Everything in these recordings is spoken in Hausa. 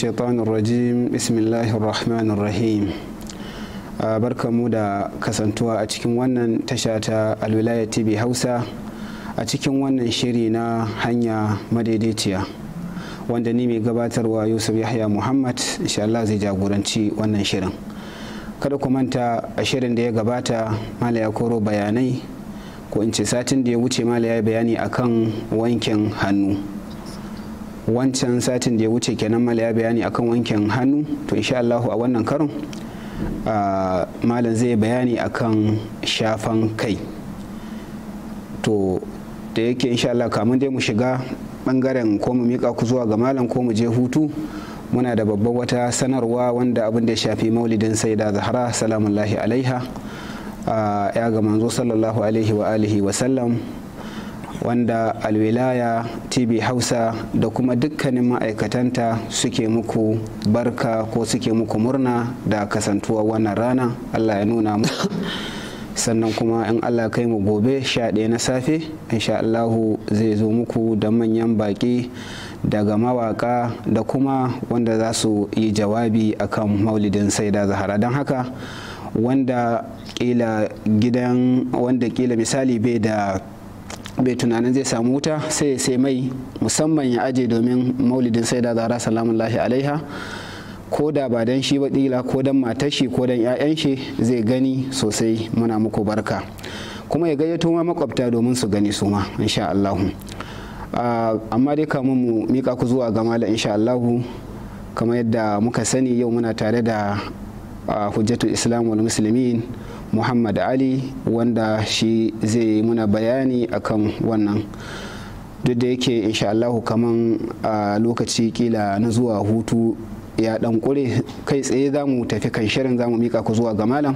shaitanir rajim bismillahir rahmanir rahim ah, da kasantuwa a cikin wannan tasha ta alwilaya tv hausa a cikin wannan shiri na hanya madaidaiciya wanda ni mai gabatarwa yusuf yahya muhammad insha Allah zai jagoranci wannan shirin kada ku manta a shirin da ya gabata ya koro bayanai ko in ce satin da ya wuce yi bayani akan wankin hannu wancan satin da ya wuce kenan mala ya bayani akan wankin hannu to insha Allah a wannan karon malam zai bayani akan shafan kai to da yake insha Allah kamun dai mu shiga bangaren ko mu mika ku zuwa ga malam ko mu je hutu muna da babbar wata sanarwa wanda abin da ya shafi maulidin saida zahra salamullahi alaiha ya ga manzo sallallahu alaihi wa alihi wa sallam wanda alwilaya tv hausa da kuma dukkanin ma'aikatanta suke muku barka ko suke muku murna da kasantuwa wannan rana allah ya nuna mu sannan kuma in allah kai mu gobe sha ɗaya na safe insha allahu zai zo muku da manyan baƙi daga mawaka da kuma wanda za su yi jawabi akan maulidin saida zahara don haka wanda wanda kila misali bai da bai tunanin zai samu wuta sai ya sai mai musamman ya aje domin maulidin sai da zara salamun lahi alaiha ko da ba dan shi baɗila ko dan matar shi ko dan 'ya'yan shi zai gani sosai muna muku barka kuma ya gayyato ma makwabta domin su gani su ma insha Allah ah, amma dai kamun mu mika ku zuwa ga malam insha Allah kamar yadda muka sani yau muna tare da ah, hujjatul islam wal musulmi. muhammad ali wanda shi zai muna bayani akan wannan duk da yake allahu kaman a lokaci kila na zuwa hutu ya dan kure kai tsaye za mu tafi kan shirin za mu mika ku zuwa ga malam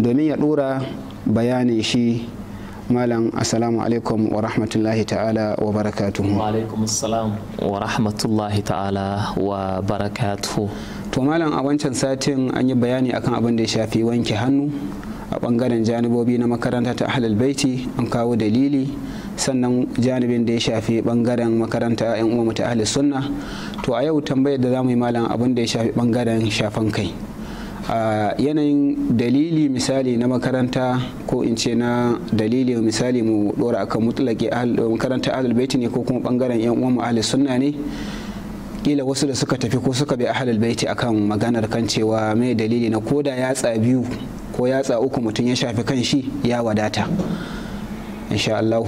domin ya dora bayanin shi malam assalamu alaikum wa rahmatullahi ta'ala wa barakatuhu wa alaikum assalam wa rahmatullahi ta'ala wa barakatuhu to malam a wancan satin an yi bayani akan abin da ya shafi wanke hannu a bangaren janibobi na makaranta ta ahlul baiti an kawo dalili sannan janibin da ya shafi bangaren makaranta yan uwa ta ahlul sunna to a yau tambayar da zamu yi malam abin da ya shafi bangaren shafan kai a yanayin dalili misali na makaranta ko in ce na dalili misali mu dora akan mutlaki makaranta ahlul baiti ne ko kuma bangaren yan uwa mu sunna ne kila wasu da suka tafi ko suka bi ahlul baiti akan maganar kan cewa mai dalili na koda yatsa biyu ko yatsa uku mutum ya shafi kan shi ya wadata insha Allah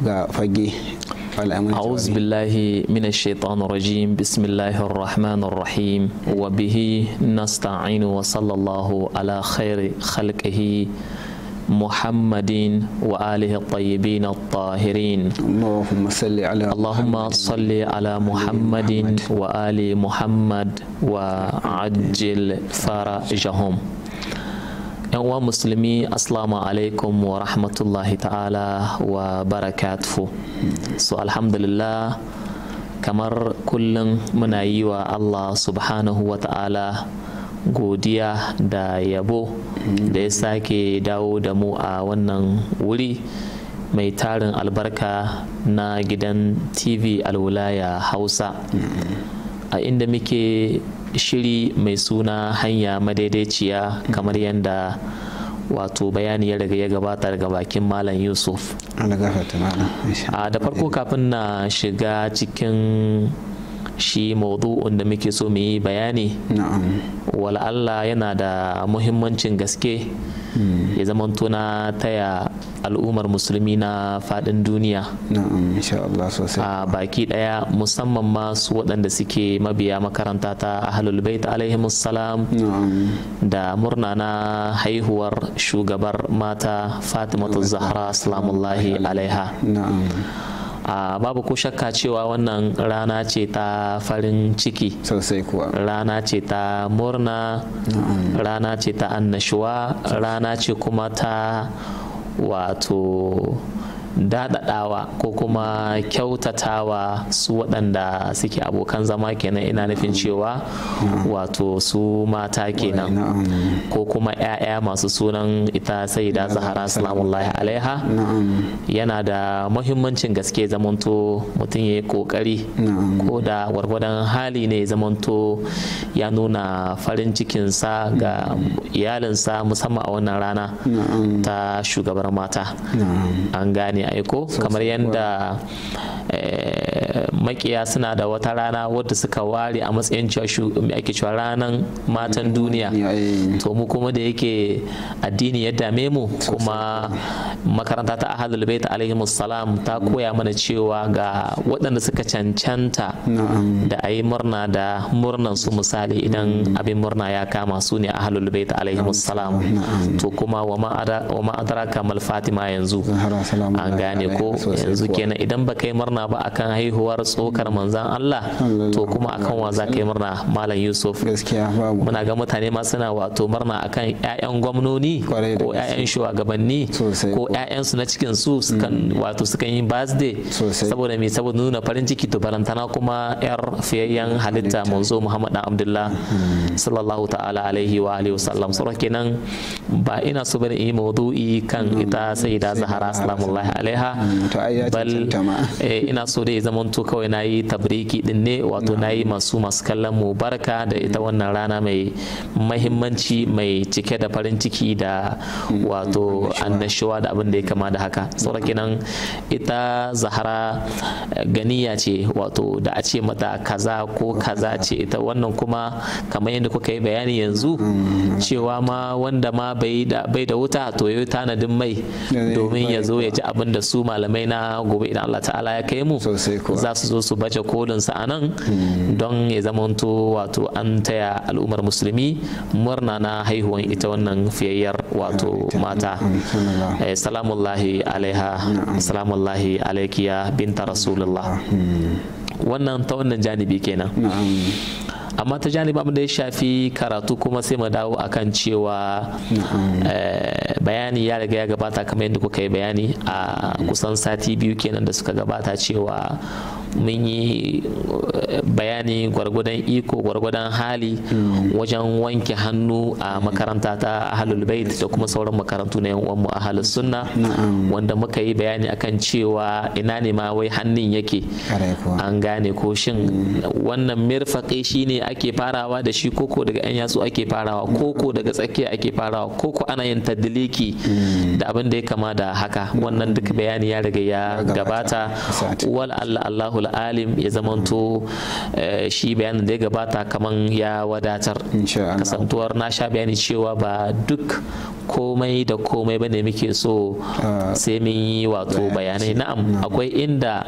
ga fage أعوذ بالله من الشيطان الرجيم بسم الله الرحمن الرحيم وبه نستعين وصلى الله على خير خلقه محمد وآله الطيبين الطاهرين اللهم صل على اللهم صل على محمد وآل محمد وعجل فرجهم yan uwa musulmi assalamu alaikum wa rahmatullahi ta'ala wa barakatuhu so alhamdulillah kamar kullum muna yi wa allah subhanahu wa ta'ala godiya da yabo da ya sake dawo da mu a wannan wuri mai tarin albarka na gidan tv alwulaya hausa a inda muke shiri mai suna hanya madaidaiciya kamar yadda wato bayani ya riga ya gabata daga bakin malam yusuf a da farko kafin na shiga cikin shi maudu'un da muke so mu yi bayani wala Allah yana da muhimmancin gaske hmm. ya zamanto na taya al'ummar musulmi na fadin duniya a baki daya musamman masu waɗanda suke mabiya makaranta ta ahlul bait da murna na haihuwar shugabar mata fatimatu zahra salamullahi alaiha babu ko shakka cewa wannan rana ce ta farin ciki sosai kuwa rana ce ta murna rana ce ta annashuwa rana ce kuma ta wato daɗaɗawa ko kuma kyautatawa su waɗanda suke abokan zama kenan ina nufin cewa wato su mata kenan ko kuma 'ya'ya masu sunan ita sai da zahara salamullahi alaiha yana da muhimmancin gaske zamanto mutum ya yi ƙoƙari ko da gwargwadon hali ne zamanto ya nuna farin cikinsa ga iyalinsa musamman a wannan rana ta shugabar mata an gane ne aiko kamar yadda eh, makiya suna da wata rana wadda suka ware a matsayin ake cewa ranar matan duniya eh. to mu kuma da yake addini ya dame mu kuma makaranta ta ahadul bait alaihi salam ta koya mana cewa ga waɗanda suka cancanta da a yi murna da murnan su misali idan mm. abin murna ya kama su ne ahlul bait alaihi salam to kuma wa ma kamar fatima yanzu an gane ko yanzu kenan idan ba kai murna ba akan haihuwar tsokar manzan Allah to kuma akan wa za kai murna malam Yusuf muna ga mutane ma suna wato murna akan ƴaƴan gwamnoni ko ƴaƴan shugabanni ko ƴaƴan su na cikin su mm. sukan wato sukan yi birthday saboda me saboda nuna farin ciki to balantana kuma yar fiyayyen halitta manzo Muhammad dan Abdullah mm. sallallahu ta'ala alaihi wa alihi wasallam kenan ba ina so bane yi maudu'i kan mm. ita sayyida Zahra alaihi alaiha mm, bal eh, ina so dai zaman to kawai na yi tabriki din ne wato na yi masu masu kallon mu barka da ita wannan rana mai mahimmanci mai cike da farin ciki da mm, wato annashuwa da abin da ya kama da haka saboda kenan ita zahara eh, ganiya ce wato da a ce mata kaza ko kaza ce ita wannan kuma kamar yadda kuka yi bayani yanzu mm, cewa ma wanda ma bai da wuta to ya tanadin mai domin ya zo ya ji abin da su malamai na gobe idan Allah ta'ala ya kai mu za su zo su baje kolin sa anan don ya zamanto wato an taya al'ummar musulmi murna na haihuwan ita wannan fiyayyar wato mata eh, salamullahi alaiha salamullahi alaikiya binta rasulullah wannan ta wannan janibi kenan amma ta jani abin da ya shafi karatu kuma sai mu dawo akan cewa eh, bayani ya riga ya gabata kamar yadda kuka yi bayani a kusan sati biyu kenan da suka gabata cewa mun yi eh, bayani gwargwadon iko gwargwadon hali hmm. wajen wanke hannu a makaranta ta ahalul bait da kuma sauran makarantu na yan uwanmu ahlus sunna wanda muka yi bayani akan cewa ina ne ma wai hannun yake an gane ko shin hmm. wannan mirfaƙi shine ake farawa da shi koko daga yan yatsu ake farawa koko daga tsakiya ake farawa koko ana yin tadiliki hmm. da abin da ya kama da haka wannan duk bayani ya riga ya gabata wal Allah Allahu faqihul alim ya zamanto eh, shi bayanin da ya gabata kaman ya wadatar kasantuwar na sha bayani cewa ba duk komai da komai bane muke so ah. sai mun yi wato bayanai na'am akwai inda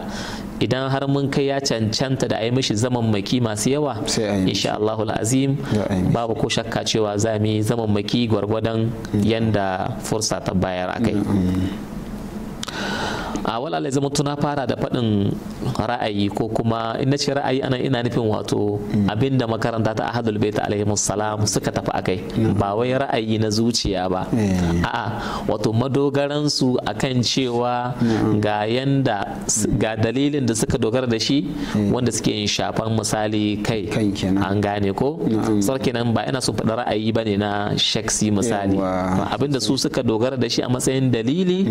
idan har mun kai ya cancanta da a yi mishi zaman maki masu yawa insha Allahul azim babu ko shakka cewa za mu yi zaman maki gwargwadon yanda fursa ta bayar a akai. a walala zama tuna fara da faɗin ra'ayi ko kuma in ce ra'ayi ana ina nufin wato hmm. abinda makaranta ta ahadul ta alaihi salam suka tafi akai hmm. ba wai ra'ayi na zuciya ba eh. a'a wato madogaran su akan cewa hmm. ga yanda ga dalilin da suka dogara da shi wanda suke yin shafan misali kai an gane ko sarki nan ba ina so faɗa ra'ayi ba ne na shaksi misali abinda su suka dogara da shi a matsayin dalili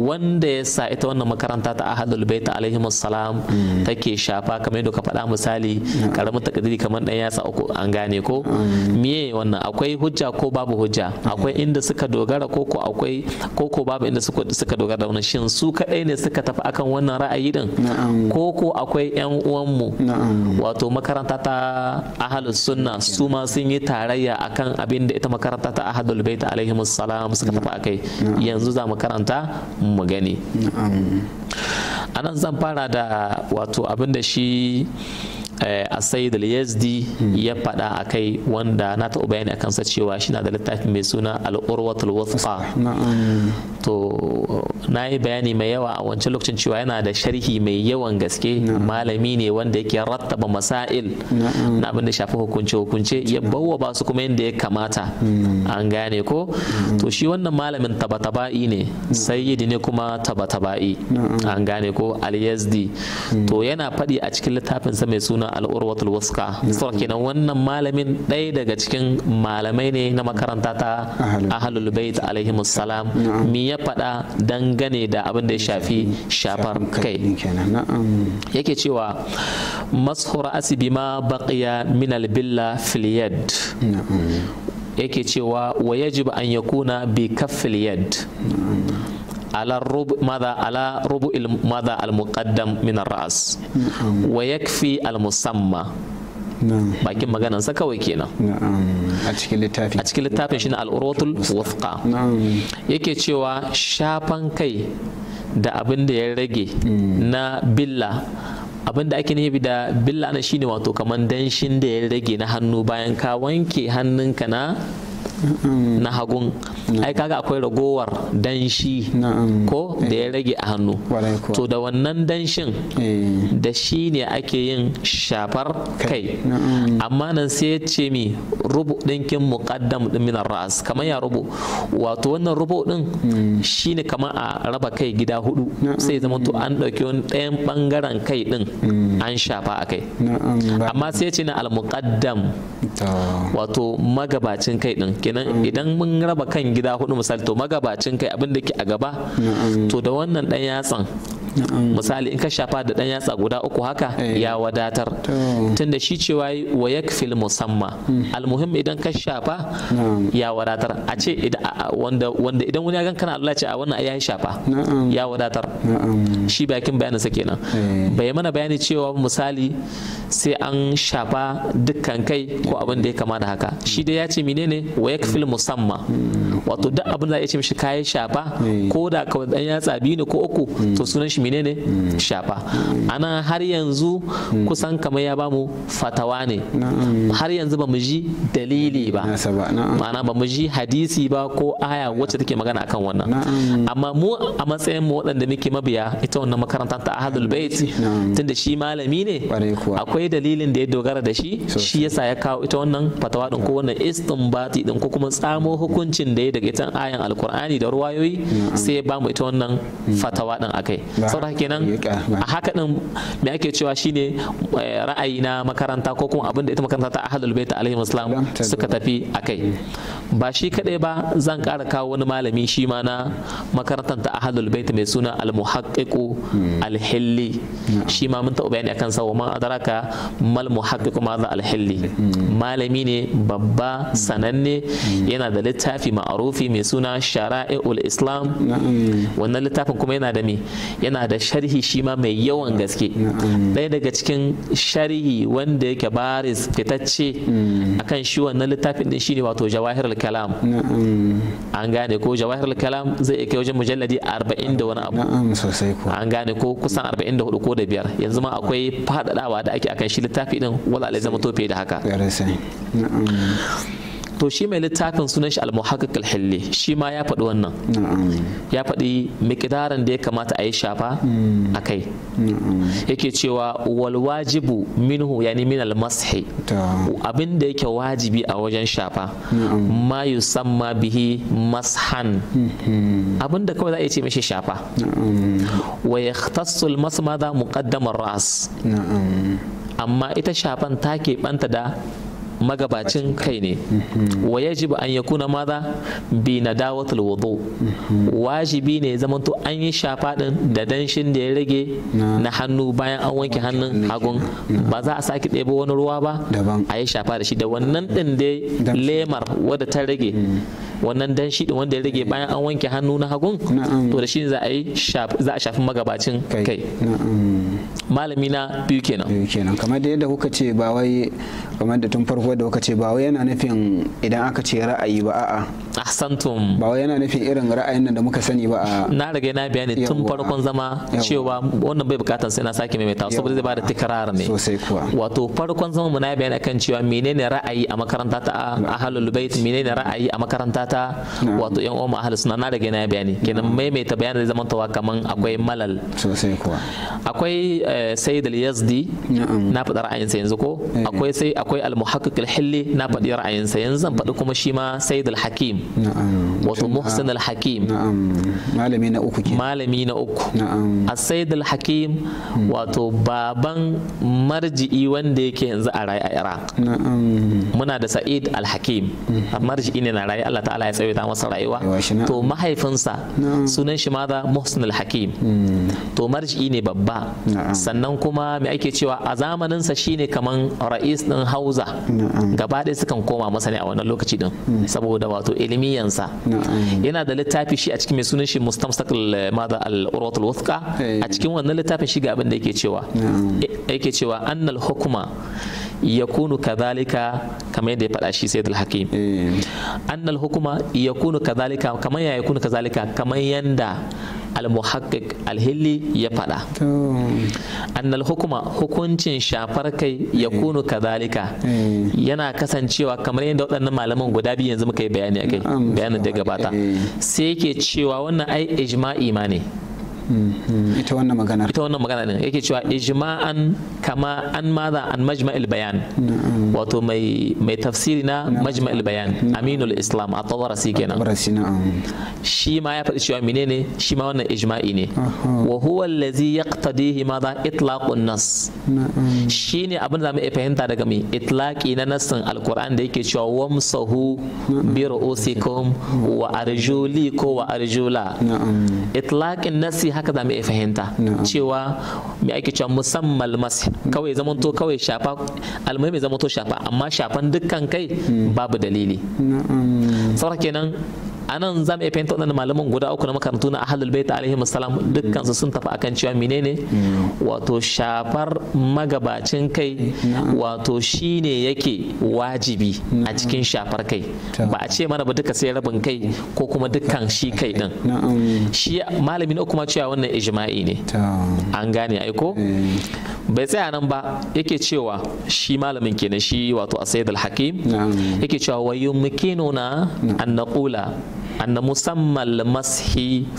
wanda ya sa ita wannan makaranta ta ahadul bait alaihi salam mm. take shafa kamar yadda ka faɗa misali karamin mm. takdiri kamar dan yasa uku an gane ko mm. miye wannan akwai hujja ko babu hujja akwai inda suka dogara ko ko akwai ko ko babu inda suka dogara da wannan shin su kadai ne suka tafi akan wannan ra'ayi din ko ko akwai yan uwanmu wato makaranta ta ahalus sunna su ma sun yi tarayya akan abin da ita makaranta ta ahadul bait alaihi salam suka tafi akai yanzu za mu karanta mu gani anan zan fara da wato abin da shi eh, a sai da yazdi ya faɗa a kai wanda na taɓa bayani a kansa cewa shi na da littafi mai suna al'urwatul wasu to na yi bayani mai yawa a wancan lokacin cewa yana da sharhi mai yawan gaske malami ne wanda yake rattaba masail na abin da shafi hukunce hukunce ya bawa ba su kuma yadda ya kamata hmm. an gane ko hmm. to shi wannan malamin tabataba'i ne sayyidi ne kuma tabataba'i an gane ko al hmm. to yana faɗi a cikin littafinsa mai suna al-urwatul wuska kenan wannan malamin ɗaya daga cikin malamai ne na makaranta ta ahlul bait alaihimus salam ya faɗa dangane da abin da ya shafi shafar kai yake cewa mashura asibi ma baqiya min albilla fil yad yake cewa wa yajib an yakuna bi kaffil yad على الربع ماذا على ربع ماذا المقدم من الرأس ويكفي المسمى bakin maganan sa kawai kenan a cikin littafin a cikin littafin shine al-urwatul wuthqa yake cewa shafan kai da abin da ya rage mm. na billa abin da ake nufi da billa na shine wato kamar danshin da ya rage na hannu bayan ka wanke hannunka na na hagun ai kaga akwai ragowar danshi ko da ya eh. rage a hannu to da wannan danshin eh. da shi ne ake yin shafar kai amma nan sai ya ce mi rubu ɗinkin muƙaddam ɗin minar ra'as kamar ya rubu wato wannan rubu ɗin hmm. shi ne kamar a raba kai gida hudu sai zama to an ɗauki wani ɗayan ɓangaren kai ɗin hmm. an shafa a kai amma sai ya ce na al-muqaddam wato magabacin kai ɗin kenan idan mun raba kan gida hudu misali to magabacin kai abin da ke a gaba to da wannan dan yatsan misali in ka shafa da ɗan yatsa guda uku haka eh. ya wadatar tunda shi cewa wa fil musamma hmm. almuhim idan ka shafa ya wadatar a ce wanda idan wani ya gan kana Allah ce a wannan ya shafa ya wadatar shi bakin bayanin sa kenan eh. bai mana bayani cewa misali sai an shafa dukkan kai ko abin da ya kama da haka shi dai ya ce menene wa fil musamma hmm. wato duk abin da ya ce mishi kayan shafa eh. ko da kawai dan yatsa biyu ne ko uku to hmm. sunan shi menene hmm. shafa ana har yanzu hmm. kusan kamar ya bamu fatawa ne har yanzu ba mu ji dalili ba ma'ana ba mu ji hadisi ba ko aya wacce take magana akan wannan amma mu a matsayin mu waɗanda muke mabiya ita wannan makarantar ta ahadul bait tunda shi malami ne akwai dalilin da ya dogara da shi shi yasa ya kawo ita wannan fatawa din ko wannan istinbati din ko kuma tsamo hukuncin da tsaye daga ita ayan alkur'ani da ruwayoyi mm. sai ba mu ita wannan mm. fatawa din akai saboda kenan a haka din me ake cewa shine eh, ra'ayi na makaranta ko kuma abin da ita makaranta ta ahlul bait alaihi wasallam suka tafi akai mm. ba shi kadai ba zan ƙara kawo wani malami shi ma na makarantar ta ahlul bait mai suna al-muhaqqiqu al-hilli shi ma mun taɓa bayani akan sa wa man adraka mal muhaqqiqu ma za al-hilli malami ne babba sananne yana da littafi ma ma'rufi mai suna shara'i'ul islam wannan littafin kuma yana da me yana da sharhi shi ma mai yawan gaske ɗaya daga cikin sharhi wanda yake baris fitacce hmm. akan shi wannan littafin din shine wato jawahir kalam an gane ko jawahir kalam zai kai wajen mujalladi 40 da wani abu an gane ko kusan 44 ko da biyar yanzu ma akwai fadadawa da ake akan shi littafi din wala zama tofe da haka to shi mai littafin sunan shi al-muhaqqiq al-hilli shi ma ya faɗi wannan ya faɗi miqdaran da ya kamata a yi shafa hmm. a kai yake cewa wal wajibu minhu yani min al-mashi abin da yake wajibi a wajen shafa ma yusamma bihi mashan hmm. abin da kawai za a ce mishi shafa wa yahtassu al-masmada muqaddamar ras amma ita shafan ta keɓanta da magabacin kai ne wa yajib an yakuna maza bi na dawatul wudu wajibi ne zaman to an yi shafa din da danshin da ya rage na hannu bayan an wanke hannun hagun ba za a sake ɗebo wani ruwa ba a yi shafa da shi da wannan din dai lemar wadda ta rage mm. wannan danshi din wanda ya rage bayan an wanke hannu na hagun to da shi za a yi za a shafi magabacin kai malami na biyu kenan biyu kenan kamar da yadda kuka ce ba wai kamar da tun farko da kuka ce ba wai yana nufin idan aka ce ra'ayi ba a'a ahsantum ba wai yana nufin irin ra'ayin nan da muka sani ba a na rage na bayani tun farkon zama cewa wannan bai bukatar sai na sake maimaita saboda zai bada tikrar ne sosai kuwa wato farkon zama mu na bayani akan cewa menene ra'ayi a makaranta ta ahlul bait menene ra'ayi a makaranta ta wato yan uwa ahlus sunna na rage na bayani kenan maimaita bayanin zai zama tawa kaman akwai malal sosai kuwa akwai eh, sayyid al-yazdi na faɗi ra'ayinsa yanzu ko eh, eh. akwai sai akwai al-muhaqqiq al-hilli na faɗi ra'ayinsa yanzu zan faɗi kuma shi ma sayyid al-hakim wato muhsin al-hakim malami na uku malami na uku as-sayyid al-hakim hmm. wato baban marji'i wanda yake yanzu a raye a Iraq muna da sa'id al-hakim hmm. marji'i ne na raye Allah ta Ala ya tsawaita masa rayuwa to mahaifinsa sunan shi maza muhsin al-hakim hmm. to marji ne babba sannan kuma me ake cewa a zamanin sa shine kaman ra'is din hauza gaba ɗaya sukan koma masa ne a wannan lokaci din hmm. saboda wato ilmiyansa yana da littafi shi a cikin mai sunan shi mustamsakal maza al-urwatul wuthqa a cikin wannan littafin shi ga abin da yake cewa yake cewa annal hukuma yakunu kadhalika kamar yadda ya faɗa shi sayyidul hakim eh. annal hukuma yakunu kadhalika kamar ya yakunu kadhalika kamar yanda almuhakkik alhilli ya faɗa annal hukuma hukuncin shafar kai ya kunu eh. eh. yana kasancewa kamar yadda waɗannan malaman guda biyu yanzu muka yi bayani a kai bayanin da gabata sai yake cewa wannan ai ijma'i ma ne Mm-hmm. ita wannan magana ita wannan magana din yake cewa ijma'an kama an maza an majma'il bayan wato mai mai tafsiri na majma'il bayan aminul islam a tabarasi kenan shi ma ya faɗi cewa menene shi ma wannan ijma'i ne wa huwa allazi yaqtadihi maza itlaqun nas shine abin da mu iya fahimta daga mai itlaqi na nassin alquran da yake cewa wamsahu bi ru'usikum wa arjuli ko wa arjula itlaqin nasi haka za mu iya fahimta cewa me ake cewa musamman masu mm. kawai zamanto kawai shafa almuhimmi zamanto shafa amma shafan dukkan kai mm. babu dalili saboda kenan a nan za mu iya fahimta waɗannan malaman guda uku na makarantu na ahlul bait alaihi salam su sun tafi akan cewa menene wato shafar magabacin kai wato shi shine yake wajibi a cikin shafar kai ba a ce mana ba duka sai rabin kai ko kuma dukkan shi kai din shi malami na kuma cewa wannan ijma'i ne an gane aiko eh. bai tsaya nan ba yake cewa shi malamin kenan shi wato a sayyid al-hakim yake cewa wa yumkinuna an naqula أن مسمى المسح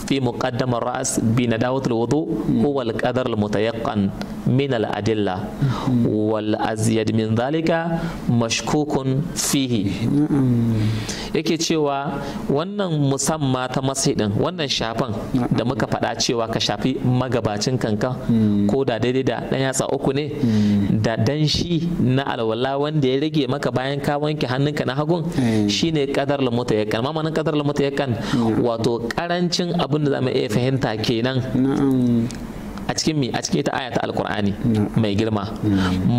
في مقدم الرأس بنداوة الوضوء هو القدر المتيقن min al-adilla wal azyad min zalika mashkukun fihi yake cewa wannan musamma ta masai din wannan shafan da muka faɗa cewa ka shafi magabacin kanka ko da daidai da ɗan yatsa uku ne da danshi na alwala wanda ya rage maka bayan ka wanke hannunka na hagun shine kadar lamuta yakan mamanin kadar lamuta yakan wato karancin abin da za mu iya fahimta kenan a cikin me a cikin ita aya ta alkur'ani mai girma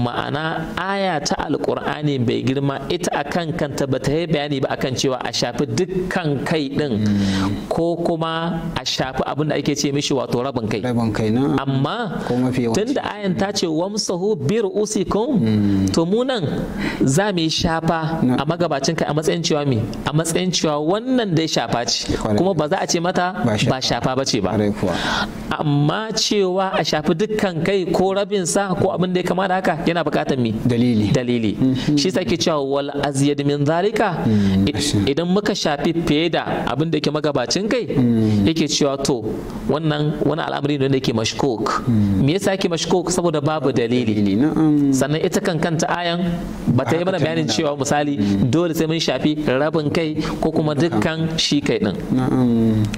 ma'ana aya ta alkur'ani mai girma ita akan kanta ba ta yi bayani ba akan cewa a shafi dukkan kai din mm. ko kuma a shafi abin da ake ce mishi wato rabin kai amma tunda ayan ta ce wamsahu bi ru'usikum mm. to mu nan za mu yi shafa a magabacin kai a matsayin cewa me a matsayin cewa wannan dai shafa ce kuma ba za a ce mata ba shafa ba ce ba amma cewa kowa a shafi dukkan kai ko sa ko abin da ya kama haka yana bukatar me dalili dalili mm-hmm. shi sa ke cewa wal azyad min zalika mm-hmm. idan muka shafi fiye da abin da yake magabacin kai mm-hmm. yake cewa to wannan wani al'amari ne da yake mashkuk me yasa yake mashkuk saboda babu dalili sannan ita kan kanta ayan ba ta yi mana bayanin cewa misali dole sai mun shafi rabin kai ko kuma dukkan shi kai din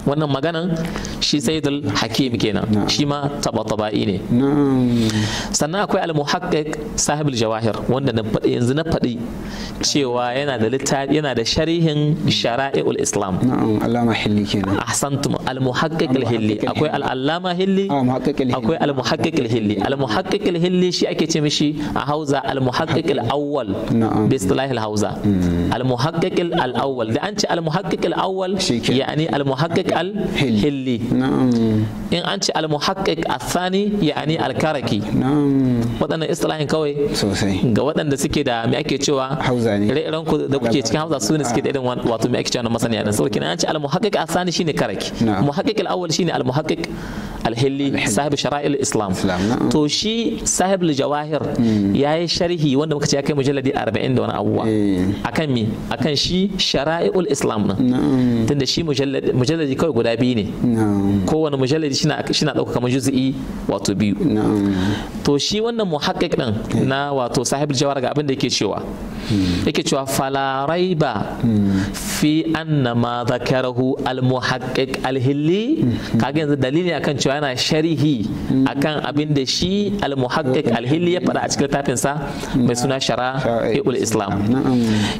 wannan maganan shi sayyidul hakim kenan shi ma tabatabai ne sannan akwai al sahibul jawahir wanda na faɗi yanzu na faɗi cewa yana da littafi yana da sharihin shara'i'ul islam na'am allama hilli kenan ahsantum al-muhaqqiq akwai al-allama hilli ah, akwai al-muhaqqiq akwai al al-muhaqqiq al hilli shi ake ce mishi a hausa al al-awwal bi istilah al-hausa hmm. al al-awwal da an ce al al-awwal yani al al-hilli in an ce al a asani yani alkaraki waɗannan istilahin kawai ga waɗanda suke da me ake cewa ire-iren ku da kuke cikin hausa su suke da irin wato me ake cewa na masaniya da sauki an ce almuhaqqiq asani shine karaki muhaqqiq al-awwal shine almuhaqqiq alhilli sahib shara'il islam to shi sahib jawahir hmm. yayi sharhi wanda muka ce ya kai mujalladi 40 da wani abuwa eh. akan mi akan shi shara'il islam na, tunda shi mujalladi kawai guda biyu ne kowane mujalladi shi na ɗauka kamar juz'i wato biyu to shi wannan muhakkik na wato sahibul jawar ga abin da yake cewa yake cewa fala raiba fi anna ma zakarahu almuhaqqiq alhilli kaga yanzu dalili akan cewa yana sharhi akan abin da shi almuhaqqiq alhilli ya faɗa a cikin littafin sa mai suna shara'ul islam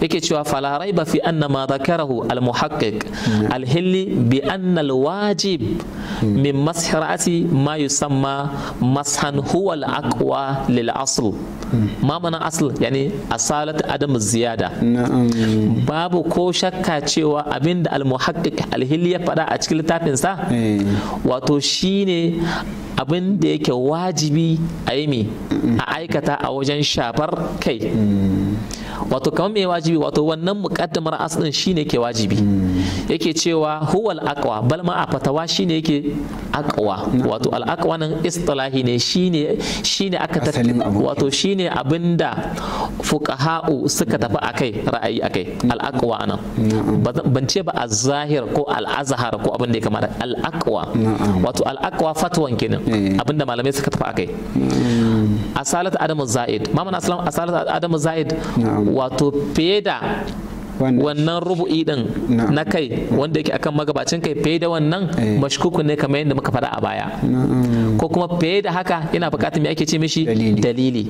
yake cewa fala raiba fi anna ma zakarahu almuhaqqiq alhilli bi anna alwajib min mashi ma yusamma mashan huwa al lil asl ma mana asl yani asalat adamu ziyada babu ko shakka cewa abinda almuhaqqiq alhili ya faɗa a cikin littafinsa eh. wato shine abin da yake wajibi a yi a aikata a wajen shafar kai mm. wato kamar mai wajibi wato wannan mukaddamar asɗin shine ke wajibi mm. yake cewa huwal aqwa bal ma a fatawa shine yake aqwa wato al aqwa nan istilahi ne shine shine aka wato shine abinda fuqaha'u suka tafi akai ra'ayi akai al aqwa nan ban ce ba az-zahir ko al azhar ko abin da ya kamata al aqwa wato al aqwa fatwan kenan eh. abinda malamai suka tafi akai asalat adamu zaid mamana aslam asalat adamu zaid wato fiye da wannan rubu'i din na kai wanda yake akan magabacin kai fiye da wannan eh. mashkuku ne kamar yadda muka faɗa a baya ko kuma fiye da haka yana buƙatar me ake ce mishi dalili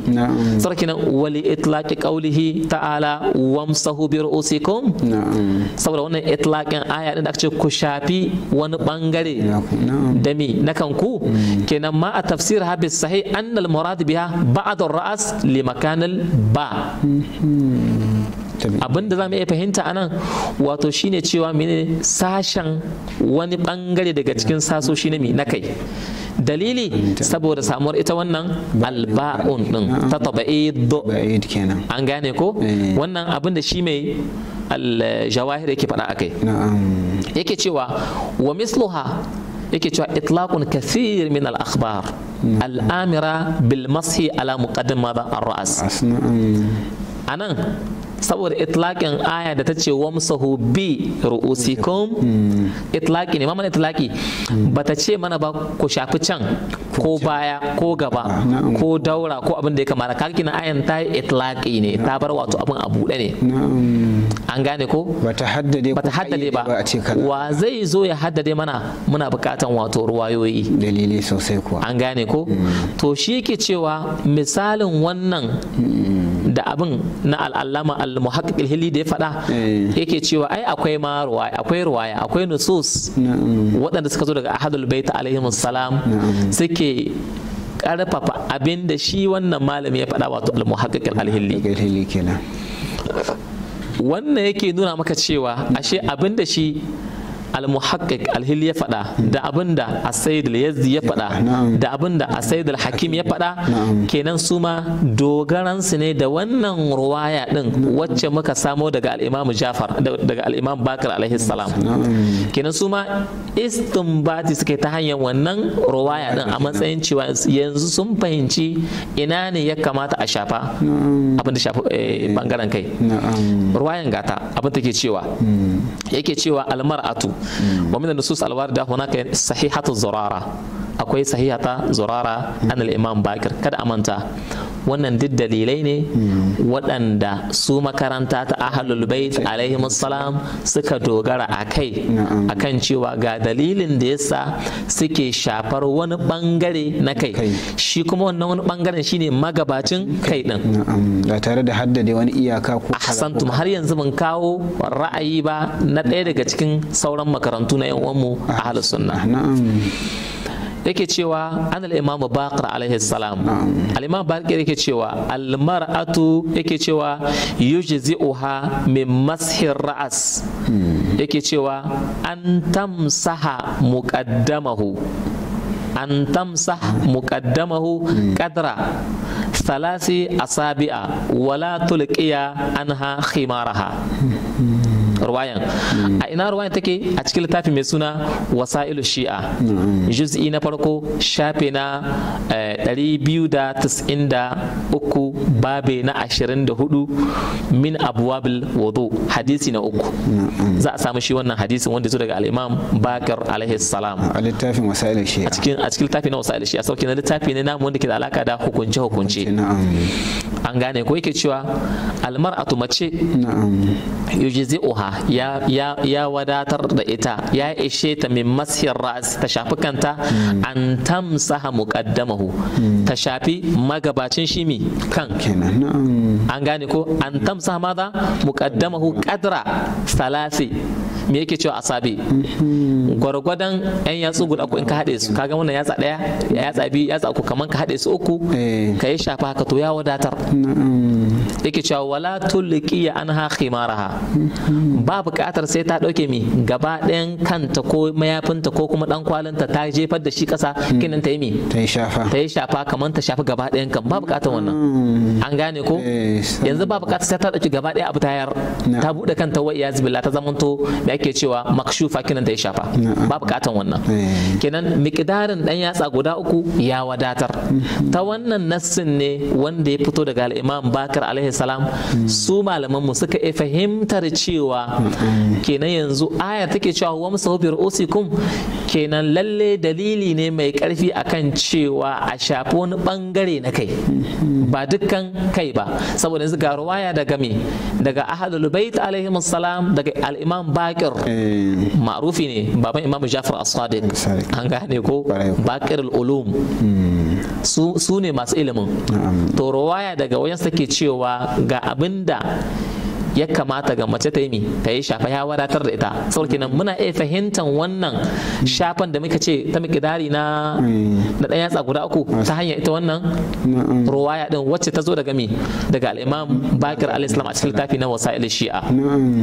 sarki nan wali itlaqi qawlihi ta'ala wamsahu bi ru'usikum saboda wannan itlaqin aya din da aka ce ku shafi wani bangare da me na kanku mm. kenan ma a tafsir habis sahih annal murad biha ba'd ar-ra's li makanal ba mm-hmm. abin da za mu iya fahimta anan, wato shine cewa mene sashen wani bangare daga cikin sasoshi na mi na kai dalili saboda samuwar ita wannan alba'un din ta taba'idu an gane ko eh. wannan abin da shi mai aljawahir yake faɗa akai yake cewa wa misluha yake cewa itlaqun kathir min al-akhbar al-amira bil mashi ala muqaddam madha ar-ra's anan saboda itlaƙin aya da ta ce wamsahu bi ru'usikum itlaƙi ne mamman itlaƙi ba ta ce mana ba ku shafi can ko baya ko gaba ah, ko daura ko abin da ya kamata kaki na ayan ta itlaƙi ne ta bar wato abin a buɗe ne an gane ko ba ta haddade ba wa zai zo ya haddade mana muna buƙatan wato ruwayoyi Dalili sosai kuwa an gane ko mm. to shi ke cewa misalin wannan mm. da abin na al'allama al-muhaqqiq hili da ya faɗa eh. yake cewa ai akwai ma ruwaya akwai ruwaya akwai nusus waɗanda suka zo daga ahadul bait alaihi salam suke karfafa abin da shi wannan malami ya faɗa wato al-muhaqqiq al-hilli wannan yake nuna maka cewa ashe abin da shi al-muhaqqiq al ya faɗa da abinda as-sayyid al-yazdi ya faɗa da abinda as-sayyid al-hakim ya faɗa kenan su ma dogaran su ne da wannan ruwaya din wacce muka samo daga al-imam Jafar daga al-imam Bakar alaihi salam kenan su ma istinbati suke ta hanyar wannan ruwaya din a matsayin cewa yanzu sun fahimci ina ne ya kamata a shafa abin shafa eh, bangaren kai ruwayan gata abin take cewa hmm. yake cewa almar'atu wa min an-nusus al-warida hunaka sahihatu zarara akwai sahihata zurara an imam bakir kada a manta wannan duk dalilai ne waɗanda su makaranta ta ahalul bait alaihi salam suka dogara a kai kan cewa ga dalilin da yasa suke shafar wani bangare na kai shi kuma wannan wani bangaren shine magabacin kai din ba tare da haddade wani iyaka ko ahsantum har yanzu mun kawo ra'ayi ba na ɗaya daga cikin sauran makarantu na yan uwanmu ah, ahlus sunna ah, na'am yake cewa an al-imam baqir alaihi salam al-imam baqir yake cewa al-mar'atu yake cewa yujzi'uha min mashir ra'as yake cewa an tamsaha muqaddamahu an tamsah muqaddamahu qadra thalasi asabi'a wala tulqiya anha khimaraha ruwayan a ina ruwayan take a cikin littafi mai suna wasailu shi'a juz'i na farko shafe na 293 eh, babe na 24 min abwabil wudu hadisi na uku za a samu shi wannan hadisin wanda zo daga al bakar alaihi salam a littafin wasailu shi'a a cikin littafi na wasailu shi'a sauki na littafi ne namu wanda ke da alaka da hukunce hukunce an gane ko yake cewa almar'atu mace tumace ya ya ya wadatar da ita ya ishe ta min masyar ra'as ta shafi kanta hmm. an tamsaha muqaddamahu hmm. ta shafi magabacin shimi kan an gane ko an tamsaha maza muqaddamahu qadra salasi me yake cewa asabi gwargwadon yan yatsu guda uku in ka haɗe su kaga wannan yatsa ɗaya yatsa biyu yatsa uku kaman ka haɗe su uku eh. ka yi shafa haka to ya wadatar yake cewa wala tulqiya ha khimaraha mm-hmm. ba buƙatar sai ta ɗauke mi gaba ɗayan kanta ko mayafinta ko kuma ɗan kwalinta ta jefar da shi ƙasa mm. kinan ta yi mi ta yi shafa ta yi shafa kaman ta shafi gaba ɗayan kan ba buƙatar wannan mm. an gane ko eh, yanzu ba buƙatar sai ta ɗauki gaba ɗaya abu tayar ta buɗe kanta wa ya billah ta zamanto ake cewa makshufa kinan da ya shafa ba bukatan wannan eh. kenan mikidarin dan yatsa guda uku ya wadatar mm-hmm. ta wannan nassin ne wanda ya fito daga al Bakar alaihi salam mm. su malaman mu suka yi fahimtar cewa mm-hmm. kenan yanzu aya take cewa wa musawbir usikum kenan lalle dalili ne mai karfi akan cewa a shafi wani bangare na kai mm-hmm. ba dukkan kai ba saboda yanzu ga ruwaya daga me daga ahadul bait alaihi salam daga al-Imam Bakir bakir eh. ma'rufi ne baban imam jafar as-sadiq an gane ko bakir al-ulum hmm. su ne masu ilimin to rawaya daga wajen take cewa ga abinda ya kamata ga mace ta yi mi ta yi shafa ya wadatar da ita saboda kenan muna iya fahimtar wannan shafan da muka ce ta mikidari na da eh. ɗan yatsa guda uku ta hanyar ita wannan ruwaya din wacce ta zo daga mi daga al'imam bakir alayhi a cikin littafi na wasa'il shi'a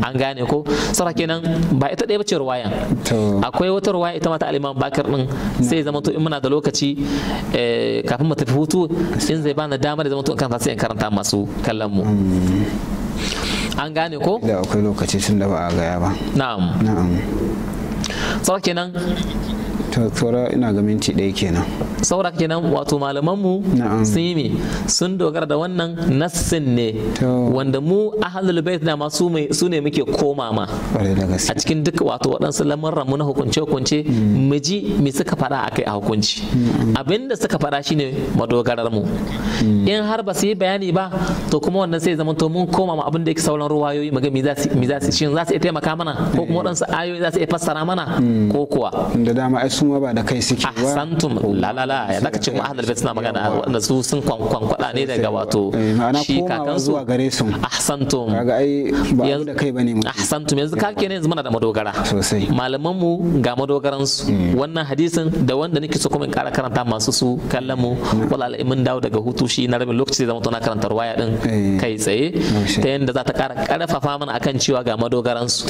an gane ko saboda kenan ba ita ɗaya bace ruwayan akwai wata ruwaya ita ma ta al'imam bakir din sai zama to in muna da lokaci eh, kafin mu tafi hutu in zai bana damar da zama to in kan sai in karanta masu kallon mu mm. an gane ko da akwai lokaci tun da ba a gaya ba na'am na'am kenan to ina ga minti ɗaya kenan saura kenan wato malamanmu sun yi me sun dogara da wannan nassin ne wanda mu ahlul bait na masu su ne muke koma ma a cikin duk wato waɗansu lamarran mu na hukunce hukunce mm. mu ji me suka faɗa kai a hukunci abinda suka faɗa shine madogarar mu mm. in har ba su yi bayani ba to kuma wannan sai zama to mun koma ma abin da yake sauran ruwayoyi mu ga me za su me za su shin za su iya taimaka mana ko kuma eh. waɗansu ayoyi za su iya fassara mana mm. ko kuwa da dama ai su su ma ba da kai suke ba ahsantum lalala ya zaka ce mu ahlul bait suna magana wanda su sun kwankwankwada ne daga wato eh, shi kakan su gare su ahsantum kaga ai ba da kai bane mu ahsantum yanzu ka kenan yanzu muna da madogara sosai malaman mu ga madogaran su eh. wannan hadisin da wanda nake so kuma in kara karanta masu su kallon mu mm. wala mun dawo daga hutu shi na rabin lokaci zama to na karanta ruwaya din eh. kai tsaye oh, ta yanda za ta kara karfafa mana akan cewa ga madogaran su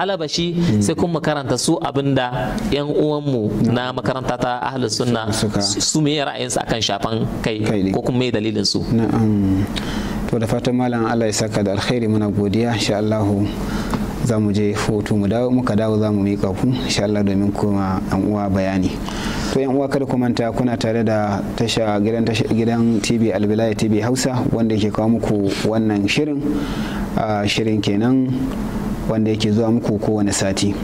alabashi mm. sai kuma karanta su abinda yan uwan mu. na makaranta ta ahlus sunna su me ra'ayinsu akan shafan kai ko kuma me dalilin su to da fatan malam Allah ya saka da alkhairi muna godiya insha Allah za mu je hutu mu dawo muka dawo za mu miƙa ku insha Allah domin kuma an uwa bayani to yan uwa kada ku manta kuna tare da tasha gidan gidan TV Albilaya TV Hausa wanda yake kawo muku wannan shirin ah, shirin kenan wanda yake zuwa muku kowane sati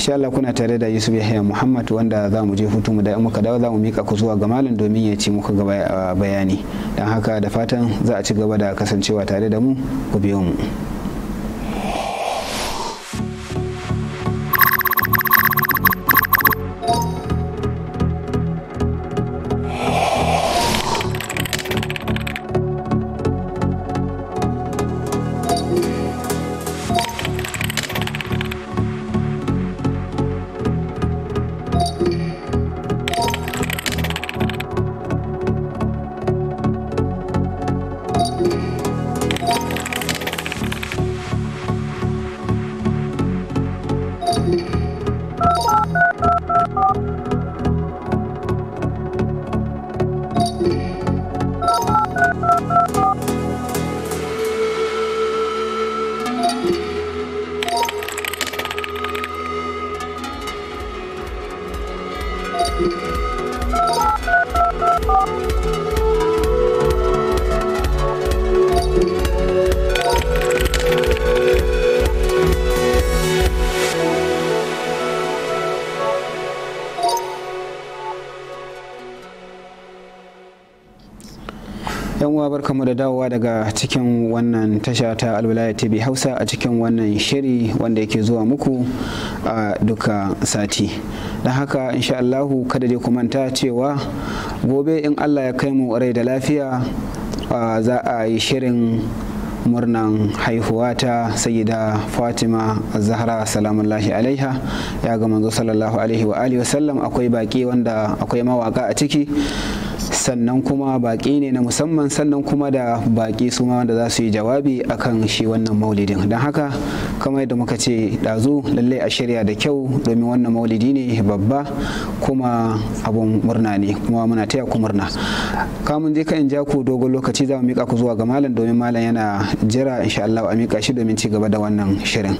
insha Allah kuna tare da Yusuf Yahya Muhammad wanda za mu je hutu mu da muka dawo za mu mika ku zuwa ga malam domin ya ci muka gaba bayani dan haka da fatan za a ci gaba da kasancewa tare da mu ku biyo mu jama'a barkamu da dawowa daga cikin wannan tasha ta alwilaya tv hausa a cikin wannan shiri wanda yake zuwa muku a duka sati don haka insha allahu kada je ku manta cewa gobe in allah ya kai mu rai da lafiya za a yi shirin murnan haihuwa ta sayida fatima zahra salamullahi alaiha ya ga manzo sallallahu alaihi wa alihi wasallam akwai baki wanda akwai mawaka a ciki sannan kuma baƙi ne na musamman sannan kuma da baƙi su ma wanda za su yi jawabi akan shi wannan maulidin don haka kamar yadda muka ce ɗazu lallai a shirya da kyau domin wannan maulidi ne babba kuma abun murna ne kuma muna taya ku murna kamun je in ja ku dogon lokaci za mu mika ku zuwa ga malam domin malam yana jira insha Allah a mika shi domin ci gaba da wannan shirin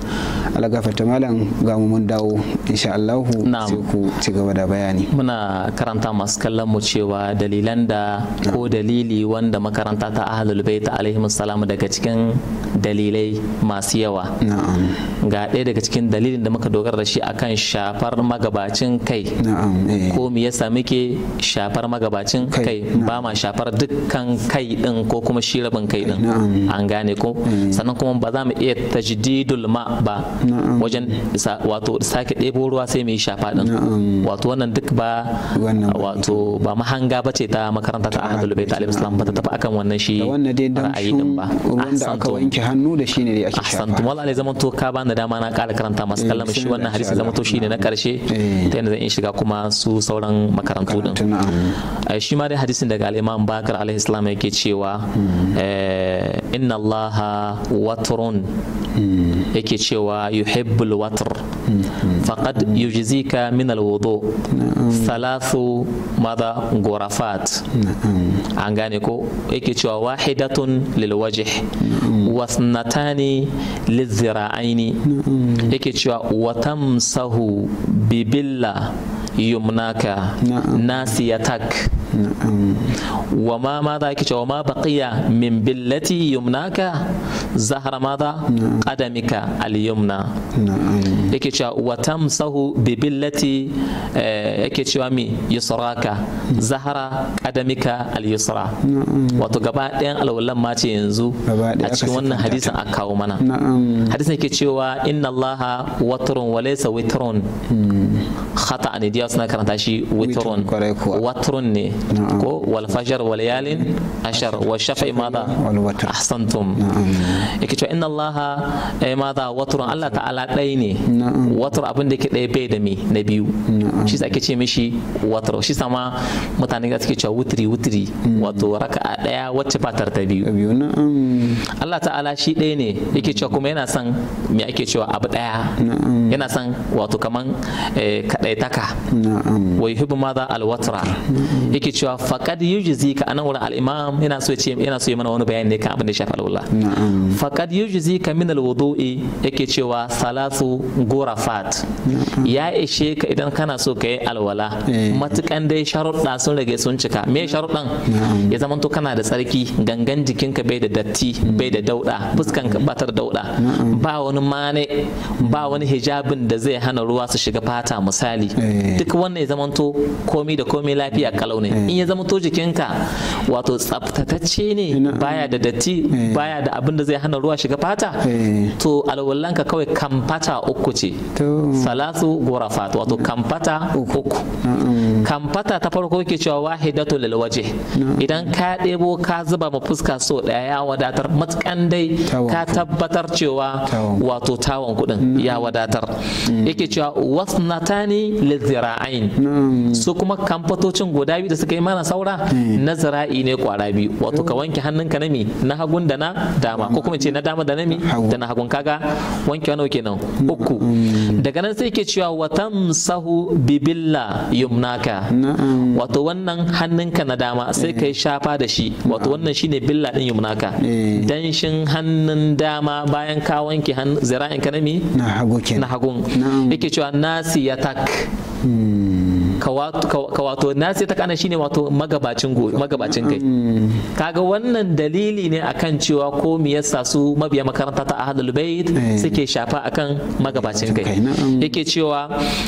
alagafarta malam ga mu mun dawo insha Allah sai ku ci gaba da bayani muna karanta masu kallon mu cewa dalilan da ko dalili wanda makaranta ta ahlul bait alaihi daga cikin dalilai masu yawa ga ɗaya daga cikin dalilin da muka dogara da shi akan shafar magabacin kai eh. ko me yasa muke shafar magabacin kai ba ma shafar dukkan kai din ko kuma shi rabin kai din an gane ko eh. sannan kuma ba za mu iya tajdidul ma ba wajen wato sake ɗebo ruwa sai mu yi shafa din wato wannan duk ba wato ba mahanga bace ta makaranta ta Ahadul bai Alim Islam ba ta tafi akan wannan shi ra'ayi din ba wanda aka wanke hannu da shi ne dai ake shafa ahsantum wallahi zaman zamanto ka bani dama na ƙara karanta masu kallon shi eh, wannan hadisi zamanto shi ne na ƙarshe eh. ta yadda zan iya shiga kuma su sauran makarantu din eh, shi ma dai hadisin daga al'imam bakar alaihi salam yake cewa hmm. inna allaha watrun hmm. yake cewa yuhibbul watr hmm. faqad yujzika min alwudu thalathu madha gurafat anganiko gane ko yake cewa wahidatun lilwajih wasnatani lizira'aini yake watamsahu bibilla yumnaka nasiyatak وما ماذا كي وما بقي من بالتي يمناك زهر ماذا قدمك اليمنى يكي وتمسه ببلتي يكي مي يسراك زهر قدمك اليسرى fassara wato gaba ɗayan alwallan ma ce yanzu a cikin wannan hadisin a kawo mana hadisin ke cewa inna allaha watrun walaisa laysa hmm. khata ne diyawa suna karanta shi witrun watrun ne ko wal fajr wal yalin ashar wa shafa'i a ahsantum yake cewa inna allaha mada watrun allah ta'ala ɗaya ne watr abin da yake ɗaya bai da me na biyu shi sa ake ce mishi watr shi sama mutane da suke cewa wutri wutri wato raka'a ɗaya wacce ba ta biyu Allah ta'ala shi ɗaya ne yake cewa kuma yana son me ake cewa abu ɗaya yana son wato kaman ɗaitaka wa yuhibbu madha alwatra yake cewa faqad yujzi ka anan wurin al-imam yana so ya ce yana so yana wani bayani ne kan abin da shafi alwala faqad yujzi ka min alwudu'i yake cewa salatu gurafat ya ishe ka idan kana so kai alwala eh. matukan dai sharuɗa sun rage sun cika me sharuɗan ya zama to kana da tsarki gangan jikinka bai da datti bai da dauda fuskan fuskanka batar dauda ba wani mane ba wani hijabin da zai hana ruwa su shiga fata misali misali eh. duk wannan ya zamanto komi da komi lafiya kalau ne eh. in ya zamanto jikinka wato tsaftatacce ne baya da datti eh. baya da abin da zai hana ruwa shiga fata to alwallanka kawai kamfata uku ce salatu gurafat wato kamfata uku kamfata ta farko ke cewa wahidatu lil waje idan ka debo ka zuba ma fuska so daya ya wadatar matkan dai ka tabbatar cewa wato tawon kuɗin ya wadatar mm. yake cewa wasnatani lizira'ain su kuma kamfatocin guda biyu da suka yi mana saura eh. na zira'i ne kwara biyu wato ka wanke hannunka na mi na hagun da na dama ko kuma ce na dama da na mi da na hagun kaga wanke wani kenan uku daga nan sai ke cewa watan sahu bibilla yumnaka wato wannan hannunka na dama sai ka yi eh. shafa da shi wato wannan shine billa din yumnaka eh. danshin hannun dama bayan ka wanke zira'in ka na mi na hagun yake cewa nasiyatak adak ka wato nasi ta kana shine wato magabacin kai kaga wannan dalili ne akan cewa ko me yasa su mabiya makaranta ta ahlul bait eh. suke shafa akan magabacin kai yake cewa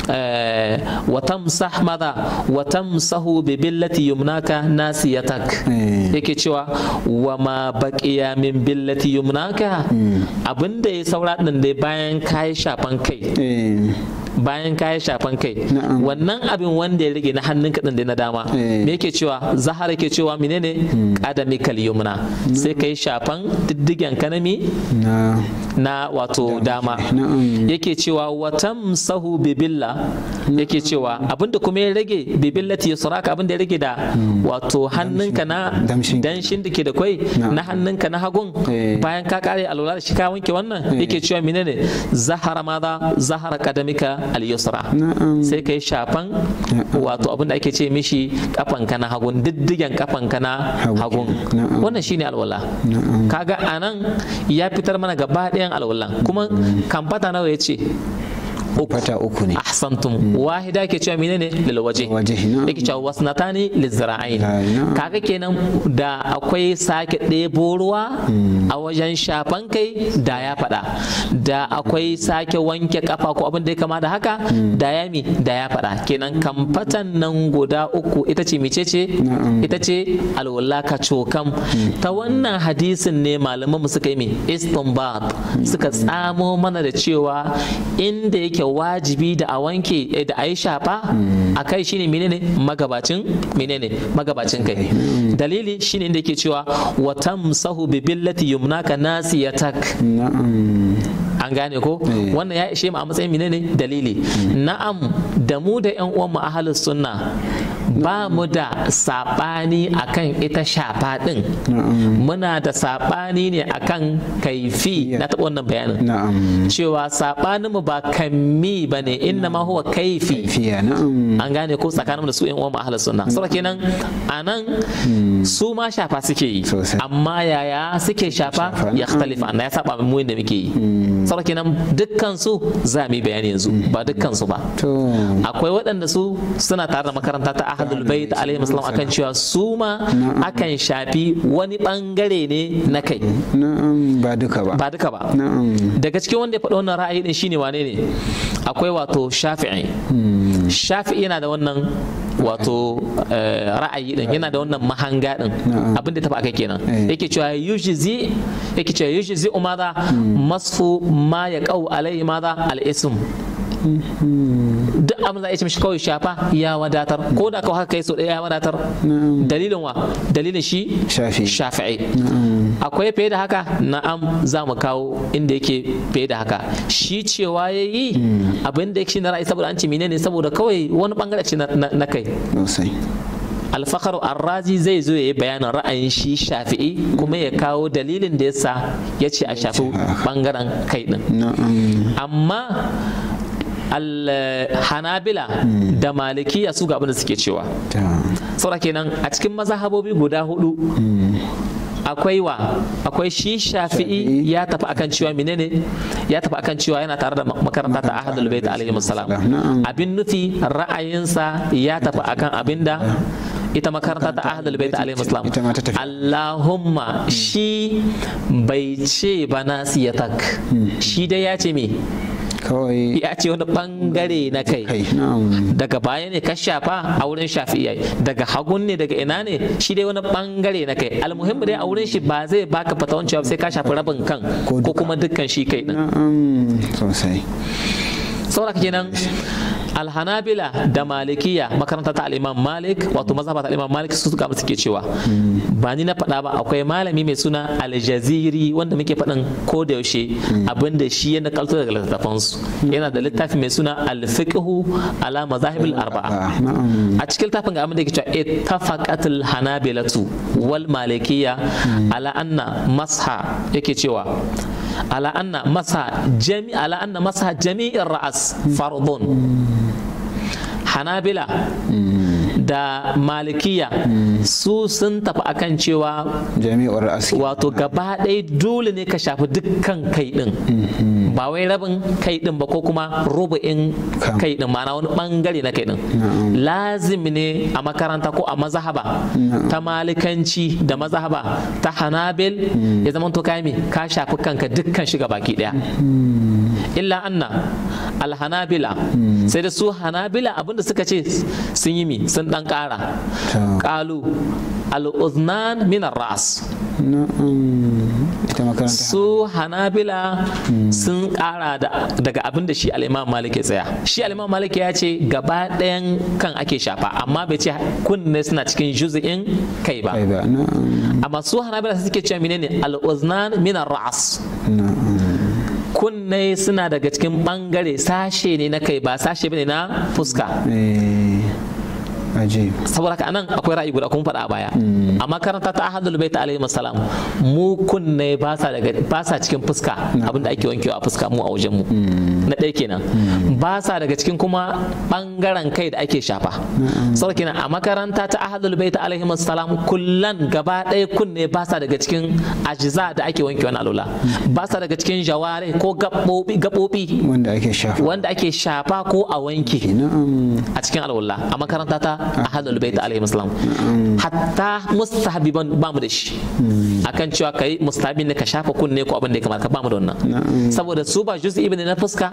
eh, wa tamsah madha wa tamsahu bi billati yumnaka nasiyatak eh. yake cewa wa ma baqiya min billati yumnaka hmm. abinda ya saura din dai bayan kai shafan kai bayan ka yi shafan kai wannan abin wanda ya rage na hannun kaɗan da na dama eh. me yake cewa zahara ke cewa menene kadami hmm. kalyumna sai ka yi shafan diddigen kanami na wato dama yake cewa watan sahu bibilla yake cewa abinda kuma ya rage bibillati ya suraka abinda ya rage da hmm. wato hannunka na danshin da ke da kwai na hannunka na hagun eh. bayan ka kare alwala da shi ka wanke wannan eh. yake cewa menene zahara ma za zahara kadamika al-yusra sai kai shafan wato abin da ake ce mishi kafan kana hagun diddigen kafan kana hagun wannan shine alwala kaga anan ya fitar mana gaba ɗayan alwalan kuma kamfata nawa ya ce uku fata uku ne ahsantum mm. wahida ke cewa menene lil waje yake cewa wasnatani zara'ain kaga kenan da akwai sake ɗebo ruwa mm. a wajen shafan kai da ya faɗa da akwai sake wanke kafa ko abin da ya kama da haka mm. da ya mi da ya faɗa kenan kamfatan nan guda uku ita ce micece ita ce alwala ka cokam ta wannan hadisin ne malaman mu suka yi mi istinbat suka tsamo mana da cewa inda yake wanke wajibi da a wanke eh, da a yi shafa hmm. a kai shine menene magabacin menene magabacin kai hmm. dalili shine inda ke cewa wa tamsahu bi billati yumnaka nasiyatak an gane ko eh. wannan ya ishe mu a matsayin menene dalili hmm. na'am da mu da yan uwan mu ahlus sunna ba mu da saɓani akan ita shafa ɗin muna da saɓani ne akan kaifi na taɓa wannan bayanin cewa mu ba kammi ba ne inna ma huwa kaifi an gane ko tsakaninmu da su yan uwan ahlus sunna hmm. sura kenan anan hmm. su ma shafa suke yi amma yaya suke shafa ya khalifa na ya saba mu inda muke yi hmm. sura kenan dukkan su za mu bayani yanzu ba dukkan su ba akwai waɗanda su suna tare da makaranta ta ahlul bait alaihi salam akan cewa su ma akan shafi wani bangare ne na kai ba duka ba ba duka ba daga cikin wanda ya faɗi wannan ra'ayi din shine wane ne akwai wato shafi'i shafi'i yana da wannan wato ra'ayi din yana da wannan mahanga din abin da ta faɗa kenan yake cewa yujizi yake cewa yujizi umada masfu ma ya qau alai maza al-ism duk abin a ce mishi kawai shafa ya wadatar ko da kawai haka kai so ya wadatar dalilin wa dalilin shi shafi'i akwai fiye da haka na'am za mu kawo inda yake fiye da haka shi cewa ya yi hmm. abin da yake shi na ra'ayi saboda an ce ne saboda kawai wani bangare ce na kai alfakar arrazi zai zo ya yi bayanin ra'ayin shi shafi'i kuma ya kawo dalilin da ya sa ya ce a shafi bangaren kai din amma hanabila da malikiya su ga abin da suke cewa saura kenan a cikin mazahabobi guda hudu akwai wa akwai shi shafi'i ya tafi akan cewa menene ya tafi akan cewa yana tare da makaranta ta ahadul bait alaihi salam abin nufi ra'ayinsa ya tafi akan abinda ita makaranta ta ahlul bait alaihi muslim allahumma hmm. shi bai ce ba nasiyatak hmm. shi dai ya ce me kawai ya ce wani bangare na kai daga baya ne ka shafa a wurin shafi'iyya daga hagun ne daga ina ne shi dai wani bangare na kai almuhimmi dai a wurin shi ba zai baka wancan cewa sai ka shafi rabin kan ko kuma dukkan shi kai din sosai saboda kenan alhanabila da malikiya makaranta ta al'imam malik wato mazhaba ta al'imam malik su suka suke cewa ba ni na faɗa ba akwai malami mai suna aljaziri wanda muke faɗin ko da yaushe abinda shi yana da daga littattafansu yana da littafi mai suna alfiqhu ala mazahibul arba'a a cikin littafin ga abin da yake cewa ittafaqatul hanabilatu wal malikiya ala anna masha yake cewa ala anna masha jami ala anna jami'ir ra'as fardun hanabila da malikiya su sun tafi akan cewa wato gaba ɗaya dole ne ka shafi dukkan kai ɗin ba wai rabin kai ɗin ba ko kuma rubu'in kai ɗin ma'ana wani ɓangare na kai ɗin lazim ne a makaranta ko a mazahaba ta malikanci da mazahaba ta hanabil mm. ya zama to ka shafi kanka dukkan shiga baki ɗaya mm. illa anna alhanabila sai da su hanabila abinda suka ce sun yi mi sun dan kara kalu min ar ras su hanabila sun kara daga abin da shi al-imam malik ya tsaya shi al-imam malik ya ce gaba ɗayan kan ake shafa amma bai ce kunne suna cikin juz'in kai ba amma su hanabila suke cewa menene min ar ras kunne suna daga cikin bangare sashe ne na kai ba sashe ne na fuska eh, saboda haka anan akwai ra'ayi guda kun faɗa a baya hmm. amma karanta ta ahadul bait alayhi salam mu kunne ba sa daga ba sa cikin fuska hmm. abinda ake wankewa a fuska mu a wajen mu hmm. na ɗaya kenan ba sa daga cikin kuma bangaren kai da ake shafa saboda kenan a makaranta ta ahadul bait alayhi salam kullan gaba ɗaya kunne ba sa daga cikin ajiza da ake wankewa na alula ba sa daga cikin jaware ko gaɓoɓi gabobi wanda ake shafa wanda ake shafa ko a wanke um, a cikin alwala a makaranta ta ahlul bait alaihi salam hatta mustahabiban ba mu da shi akan cewa kai mustahabin ne ka shafa kunne ko abin da ya kamata ba mu da wannan saboda su ba juz'i ne na fuska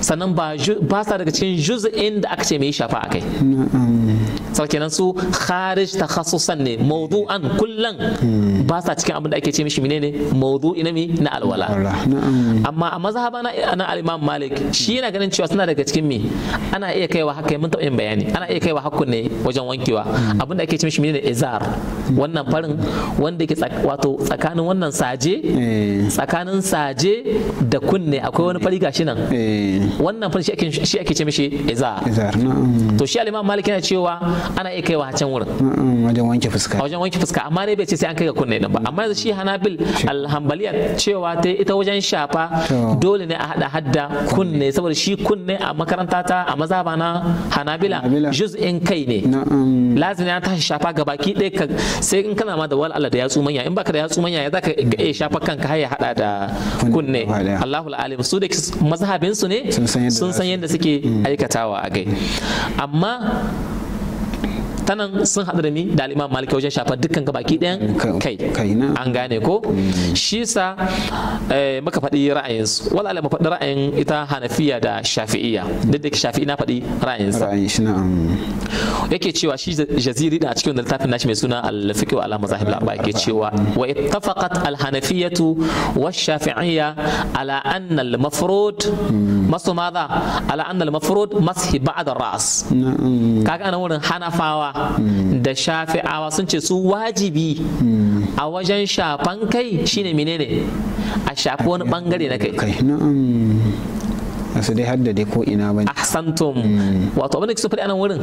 sannan ba ba sa daga cikin juz'in da aka ce mai shafa akai sarkenan su kharij takhassusan ne mawdu'an kullan ba sa cikin abin da ake ce mishi menene mawdu'i na mi na alwala amma a mazhaba na ana al-Imam Malik shi yana ganin cewa suna daga cikin mi ana iya kaiwa haka mun taɓa yin bayani ana iya kaiwa hakkun ne wajen wankewa abin da ake ce mishi menene izar wannan farin wanda yake wato tsakanin wannan saje eh. tsakanin saje da kunne akwai wani fari gashi nan eh. wannan farin shi ake ce mishi izar to shi al-Imam Malik yana cewa ana iya kaiwa can wurin wajen wanke fuska wajen wanke fuska amma ne bai ce sai an kai ga kunne ba amma yanzu shi hanabil alhambaliya cewa ta ita wajen shafa dole ne a hada hadda kunne saboda shi kunne a makaranta ta a mazaba na hanabila juz'in kai ne lazim ne an tashi shafa ga baki ɗaya sai in kana ma da wal Allah da yatsu manya in baka da yatsu manya ya zaka iya shafa kanka har ya hada da kunne Allahu alim su da mazhabin su ne sun san yadda suke mm. aikatawa a gai amma ta nan sun haɗu da ni da al'imam maliki wajen shafa dukkan ka baki ɗayan kai an gane ko shi sa eh, muka faɗi ra'ayinsu wala alama faɗi ra'ayin ita hanafiya da shafi'iya duk da shafi'i na faɗi ra'ayinsa um, yake cewa shi jaziri da a cikin littafin nashi mai suna al-fiqh wa alama zahir al-arba yake cewa wa ittafaqat al-hanafiyatu wa shafi'iyya ala anna al-mafrud hmm. masu maza ala anna al-mafrud mashi ba'd ar-ra's um, kaga anan wurin hanafawa da shafi'awa sun ce su wajibi a wajen shafan kai shine menene a shafi wani bangare na kai su dai haddade ko ina bane ahsantum eh. wato abin da so faɗi anan wurin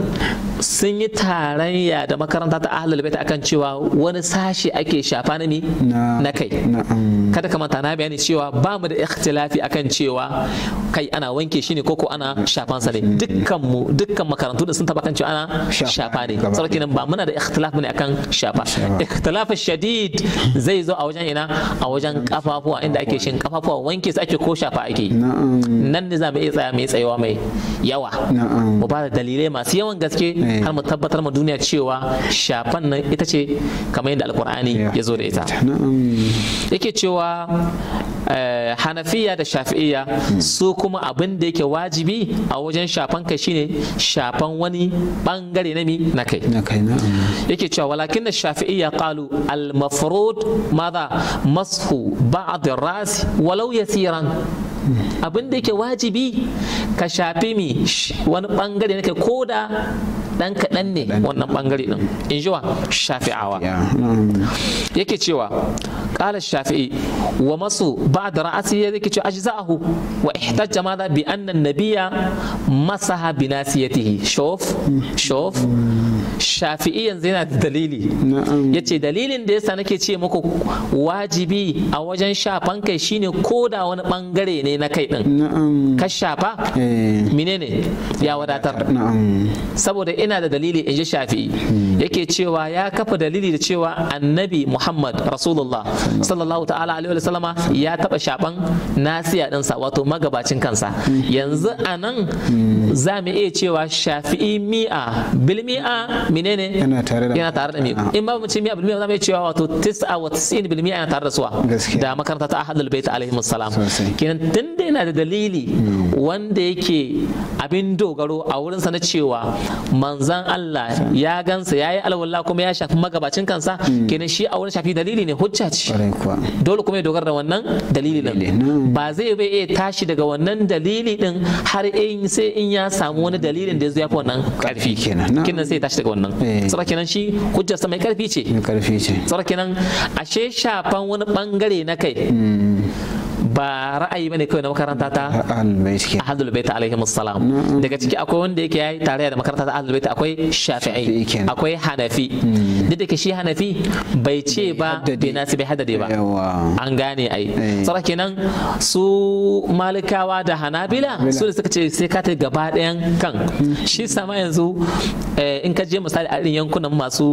sun yi tarayya da makaranta ta ahlul bait akan cewa wani sashi ake shafa na ni na kai kada ka manta na bayani cewa ba mu da ikhtilafi akan cewa kai ana wanke shi ne ko ko ana shafan sa ne mm. dukkan mu dukkan makarantu da sun taba kan cewa ana shafa ne sarki nan ba muna da ikhtilafi ne akan shafa ikhtilafi shadid zai zo a wajen ina a wajen kafafuwa mm. inda ake shin kafafuwa wanke su ake ko shafa ake nan ne za mu iya tsaya mai tsayawa mai yawa mu ba da dalilai masu yawan gaske eh. har mu tabbatar ma duniya cewa shafan nan ita ce kamar yadda alkur'ani ya zo da ita yake cewa eh, hanafiya da shafi'iyya, hmm. su kuma abin da yake wajibi a wajen shafan kai shine shafan wani bangare na mi na kai yake cewa walakin da shafi'iya qalu al mafrud madha mashu ba'd ras walau yasiran abin da yake wajibi ka shafi mi wani bangare nake ko da dan kaɗan ne wannan bangare din in ji wa shafi'awa yake cewa qala shafi'i wa masu da ra'asi yake cewa ajza'ahu wa ihtajja da bi anna an-nabiyya masaha bi nasiyatihi shof hmm. shuf shafi'i yanzu yana da dalili ya ce dalilin da yasa nake ce muku wajibi a wajen shafan kai shine ko da wani bangare ne na kai din ka shafa eh. menene ya wadatar saboda ina da dalili in ji shafi'i hmm. yake cewa ya kafa dalili da cewa annabi muhammad rasulullah hmm. sallallahu ta'ala alaihi sallama ya taba shafan nasiya dinsa wato magabacin kansa hmm. yanzu anan za mu iya cewa shafi'i mi'a bil mi'a menene yana tare da yana tare da miƙo in ba mu ce mi'a bilmiya za mu ce wa wato 99 yana tare da suwa da makaranta ta ahadul bait alaihi salam kenan tun da yana da dalili hmm. wanda yake abin dogaro a wurin sa na cewa manzan Allah ya gansa yayi alwala kuma ya shafi magabacin kansa hmm. kenan shi a wurin shafi dalili ne hujja ce dole kuma ya dogara da wannan dalili din ba zai bai iya tashi daga wannan dalili din har in sai in ya samu wani dalilin da zai yafi wannan karfi kenan kenan sai ya tashi daga wannan nan tsara eh. kenan shi hujjar sa mai karfi ce mai karfi ce tsara kenan ashe shafan wani bangare na kai mm. ba ra'ayi bane kawai na makaranta ta ahlul bait alaihi salam daga ciki akwai wanda yake yayi tare da makaranta ta ahlul bait akwai shafi'i akwai hanafi mm. duk da shi hanafi bai ce ba bai nasi bai hadade ba an gane ai tsara eh. kenan su malikawa da hanabila su da suka ce sai ka ta gaba ɗayan kan mm. shi sama yanzu eh, in ka je misali a irin yankunan masu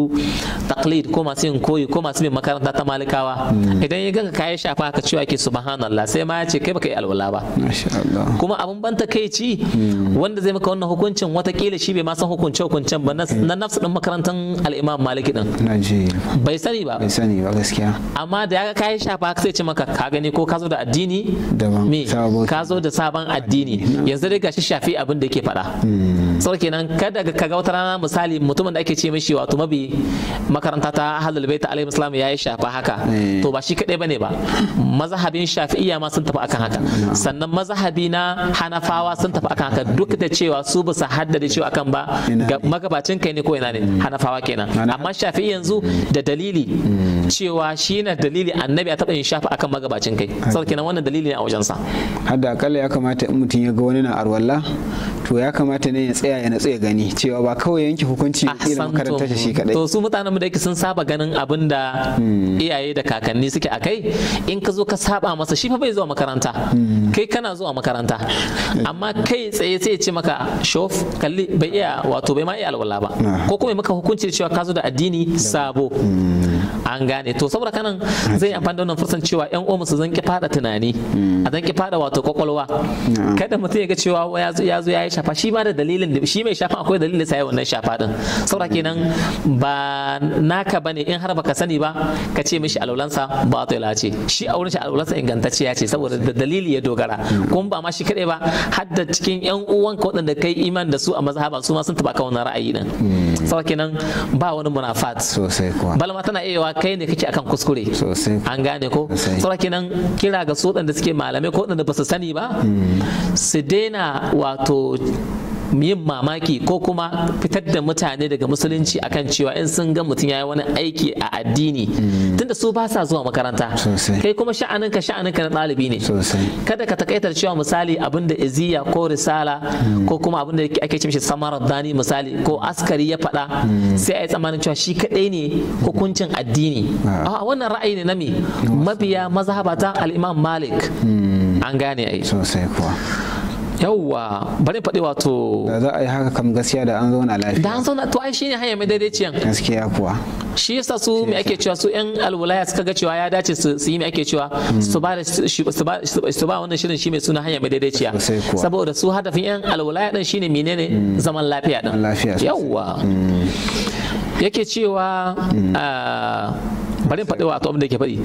taqlid ko masu yin koyi ko masu bin makaranta ta malikawa mm. idan ya ganka kayan shafa ka cewa ke subhanallah sai ma ya ce kai baka yi alwala ba kuma abin ban ci wanda zai maka wannan hukuncin watakila shi bai ma san hukunce hukuncen ba na nafsu din makarantar al'imam maliki din bai sani ba amma da ya ga kai shafa sai ce maka ka gani ko ka zo da addini me ka zo da sabon addini yanzu dai gashi shafi abin da yake faɗa hmm. sau kenan kada ka ga wata rana misali mutumin da ake ce mishi wato mabi makaranta ta ahlul bait alaihi ya yi shafa haka eh. to ba shi kadai bane ba mazhabin shafi'iyya ma sun tafi akan haka sannan mazahabi na hanafawa sun tafi akan haka duk da cewa su ba su haddada cewa akan ba magabacin kai ne ko ina ne hanafawa kenan amma shafi yanzu da dalili mm. cewa shi na dalili annabi a taɓa yin shafa akan magabacin kai sau kenan wannan dalili ne a wajensa hadda akalla ya kamata in mutum ya ga wani na arwalla to ya kamata ne ya tsaya ya natsu ya gani cewa ba kawai yanke hukunci ah, irin karanta shi kadai to su mutanen mu da yake sun saba ganin abin da mm. iyaye da kakanni suke akai in ka zo ka saba masa shi fa bai kai zuwa makaranta kai kana zuwa makaranta amma kai tsaye sai ce maka shof kalli bai iya wato bai ma iya alwala ba ko kuma maka hukunci cewa ka zo da addini sabo mm. an gane to saboda kanan zai amfani da wannan fursan cewa yan uwan su zanki fada tunani a zanki fada wato kwakwalwa kada mutum ya ga cewa ya zo ya yi shafa shi ma da dalilin da shi mai shafa akwai dalilin da sai wannan shafa din saboda kenan ba naka bane in har baka sani ba ka ce mishi alaulansa ba ta ce shi a wurin shi alaulansa ingantacciya ce saboda da dalili ya dogara kuma ba ma shi kadai ba har da cikin yan uwan ka waɗanda kai iman da su a mazhaba su ma sun taba ka wannan ra'ayi din hmm. saboda kenan ba wani munafat sosai kuma balma tana iya kai ne kake akan kuskure an gane ko saboda kenan kira ga su da suke malamai ko da ba sani ba hmm. su daina wato yin mamaki ko kuma fitar da mutane daga musulunci akan cewa in sun ga mutum ya yi wani aiki a addini mm. tunda su ba sa zuwa makaranta kai kuma sha'aninka sha'aninka na ɗalibi ne kada ka takaitar cewa misali abin da iziya ko risala mm. ko kuma abin da ake ce mishi samarar dani misali ko askari ya faɗa mm. sai a yi tsammanin cewa shi kaɗai ne hukuncin addini ah. a wannan ra'ayi ne na me mabiya mazhabata al-imam malik an gane ai sosai kuwa yawwa bari faɗi wato da za a yi haka kam gaskiya da an zauna lafiya da an na to ai shine hanya mai daidaiciyan gaskiya kuwa shi yasa su me ake cewa su yan alwalaya suka ga cewa ya dace su yi me ake cewa su ba da su ba wannan shirin shi mai suna hanya mai daidaiciya saboda su hadafin yan alwalaya din shine menene mm. zaman lafiya din yawwa mm. yake cewa mm. ah, bari faɗi wato abin da yake faɗi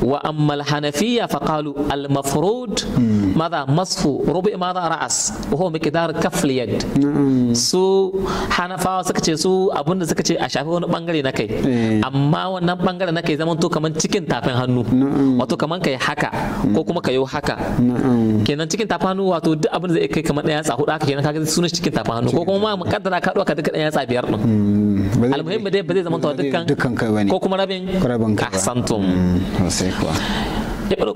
wa ammal hanafiya fa qalu al mafrud hmm. madha masfu rubi madha ra'as wa huwa miqdar kaf yad hmm. su hanafawa suka ce su abin da suka ce a shafi wani bangare na kai eh. amma wannan bangare na kai zaman to kaman cikin tafin hannu hmm. wato kaman kai haka ko kuma kai haka kenan cikin tafin hannu wato duk abin da zai kai kaman ɗan yatsa hudu haka kenan kaga sunan cikin tafin hannu ko kuma ma kaddara ka ɗauka duka ɗan yatsa biyar din almuhim dai ba zai zama to dukkan ko kuma rabin Ka santum mm, sai kuwa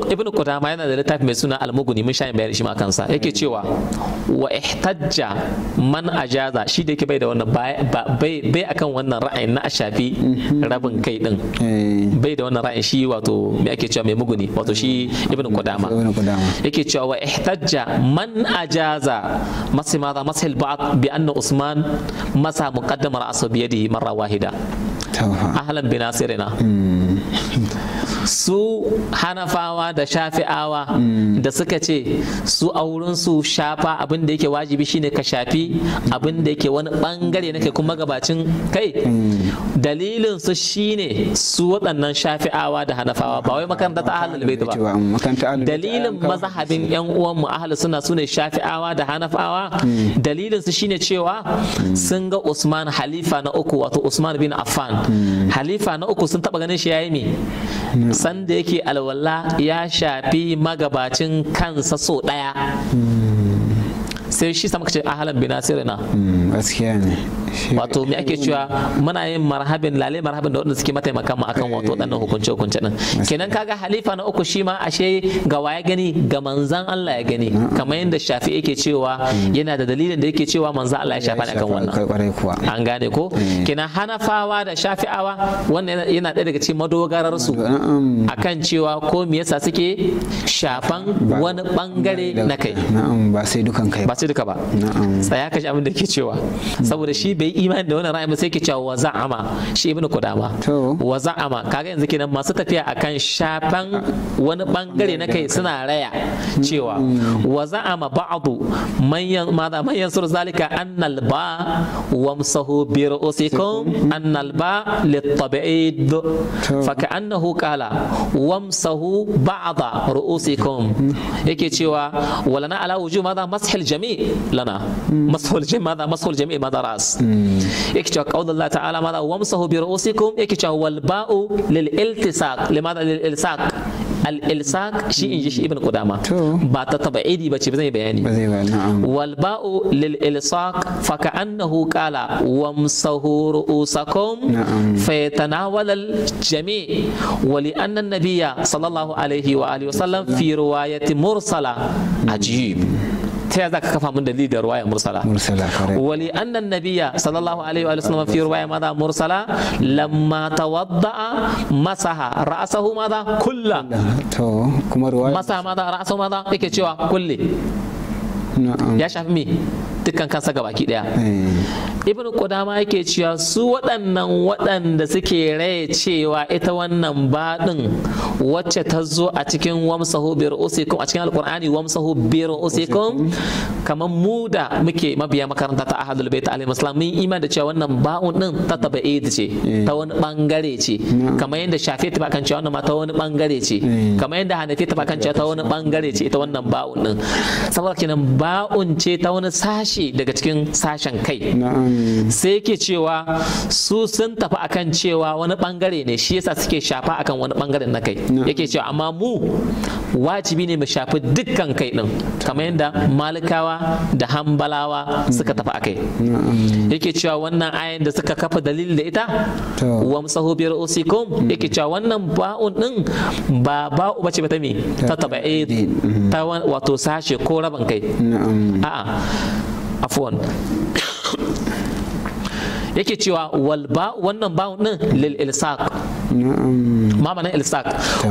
ibn Qudama yana da littafi mai suna almuguni mun sha bayar shi ma kansa yake cewa wa ihtajja man ajaza shi da yake bai da wannan bai bai akan wannan ra'ayin na ashafi mm-hmm. rabin kai din eh. bai da wannan ra'ayin shi wato me ake cewa mai muguni wato shi ibn Qudama yake cewa wa ihtajja man ajaza masai ma masai ba'd bi anna Usman masa da asabiyadihi marra wahida ahlan bi nasirina mm. and su hanafawa da shafi'awa hmm. da suka ce su a aurinsu shafa abin da yake wajibi shine ka shafi abin da yake wani bangare na kai kuma gabacin kai hmm. dalilin su shine su waɗannan shafi'awa da hanafawa ba wai makaranta ta bait ba dalilin mazhabin yan uwan mu ahlus suna sune shafi'awa da hanafawa hmm. dalilin su shine cewa sun ga Usman halifa na uku wato Usman bin Affan halifa na uku sun taba ganin shi yayi me sanda yake alwala ya shafi magabacin kansa so ɗaya hmm. sai shi sama kace ahalan bi hmm, gaskiya ne wato me ake cewa muna yin marhabin lale marhabin da waɗanda suke mataimaka mu akan wato waɗannan hukunce hukunce din kenan kaga halifa na uku shi ma ashe ga ya gani ga manzan Allah ya gani kamar yadda shafi yake cewa yana da dalilin da yake cewa manzan Allah ya shafa ne akan wannan an gane ko eh. kenan hanafawa da shafi'awa wannan yana ɗaya daga cikin madogarar su akan cewa ko me yasa suke shafan wani bangare na kai ba sai dukan kai ba sai duka ba tsaya ka abin da ke cewa saboda shi bai imani da wannan ra'ayi ba sai ke cewa wa za'ama shi ibnu kudama wa za'ama kaga yanzu kenan masu tafiya akan shafan wani bangare na kai suna raya cewa mm. wa za'ama ba'du manyan maza manyan sur zalika annal ba wamsahu bi ru'usikum annal ba litab'id fa ka'annahu qala wamsahu ba'da ru'usikum mm. yake cewa walana ala wujuh maza mashil jami' lana mm. mashul jami' maza mashul jami' maza ras يكتشك قول الله تعالى ماذا وامسه برؤوسكم يكتشك والباء للالتصاق لماذا للالصاق الالصاق شيء يجيش ابن قدامة با تتبعيدي بشي بزي بياني نعم. والباء للالصاق فكأنه قال وامسه رؤوسكم نعم. فيتناول الجميع ولأن النبي صلى الله عليه وآله وسلم في رواية مرسلة عجيب ta ya za ka kafa mun dalili da ruwaya mursala mursala wali annan nabiyya sallallahu alaihi wa sallam fi ruwaya maza mursala lamma tawadda masaha ra'sahu maza kulla to kuma ruwaya masaha maza ra'sahu maza yake cewa kulli ya shafi me dukkan kansa ga baki daya eh. ibn qudama yake cewa su waɗannan waɗanda suke raye cewa ita wannan baɗin wacce ta zo a cikin wamsahu bi ru'usikum a cikin alqur'ani wamsahu bi ru'usikum kamar mu da muke mabiya makaranta ta ahadul bait alaihi assalam mun iman da cewa wannan ba'un din ta tabi'id ce eh. ta wani bangare ce kamar yadda shafi ta bakan cewa wannan ma ta wani bangare ce eh. kamar yadda hanafi ta bakan cewa ta wani bangare ce ita wannan ba'un din saboda kenan ba'un ce ta wani sashi sashe daga cikin sashen kai sai yake cewa su sun tafi akan cewa wani bangare ne shi yasa suke shafa akan wani bangaren na kai yake cewa amma mu wajibi ne mu shafi dukkan kai din kamar yadda malikawa da hambalawa suka tafi akai yake cewa wannan ayan da suka kafa dalil da ita wa msahu bi mm. yake cewa wannan ba'un din ba ba'u bace ba ta me ta tabi'id ta mm. wato sashe ko rabin kai a'a Afuwan yake cewa wal ba wannan ba din lil ilsaq ma ma'anar ilsaq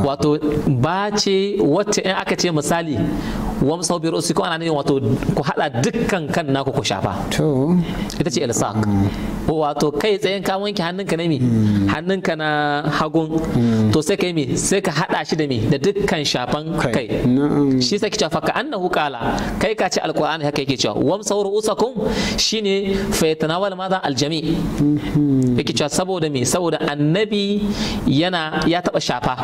wato ba ce wacce in aka ce misali musau bi ru'usikum ana ne wato ku hada dukkan kan naku ku shafa to ita ce ilsaq mm. wato kai tsayen ka wanke hannunka na hannun mm. hannunka na hagun mm. to sai kai mi sai ka hada shi da mi da dukkan shafan kai shi sai ki cewa ka annahu qala kai ka ce alqur'ani haka yake cewa wamsau ru'usakum shine fa yatanawal maza aljami mm-hmm. yake cewa saboda mi saboda annabi yana ya taba shafa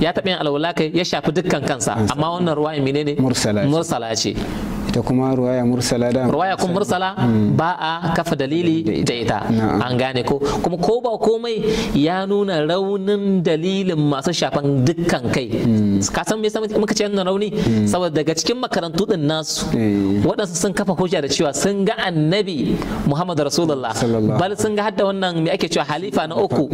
ya taba yin alwala kai ya shafi dukkan kansa amma wannan ruwa menene mursala ce da kuma ruwaya mursala da ruwaya kuma mursala hmm. ba a kafa dalili da ita an gane ko kuma ko ba komai ya nuna raunin dalilin masu shafan dukkan kai hmm. ka san me yasa muka ce yana rauni hmm. saboda daga cikin makarantu din nasu eh. waɗansu sun kafa hujja da cewa sun ga annabi Muhammad Rasulullah bal sun ga hadda wannan me ake cewa halifa na uku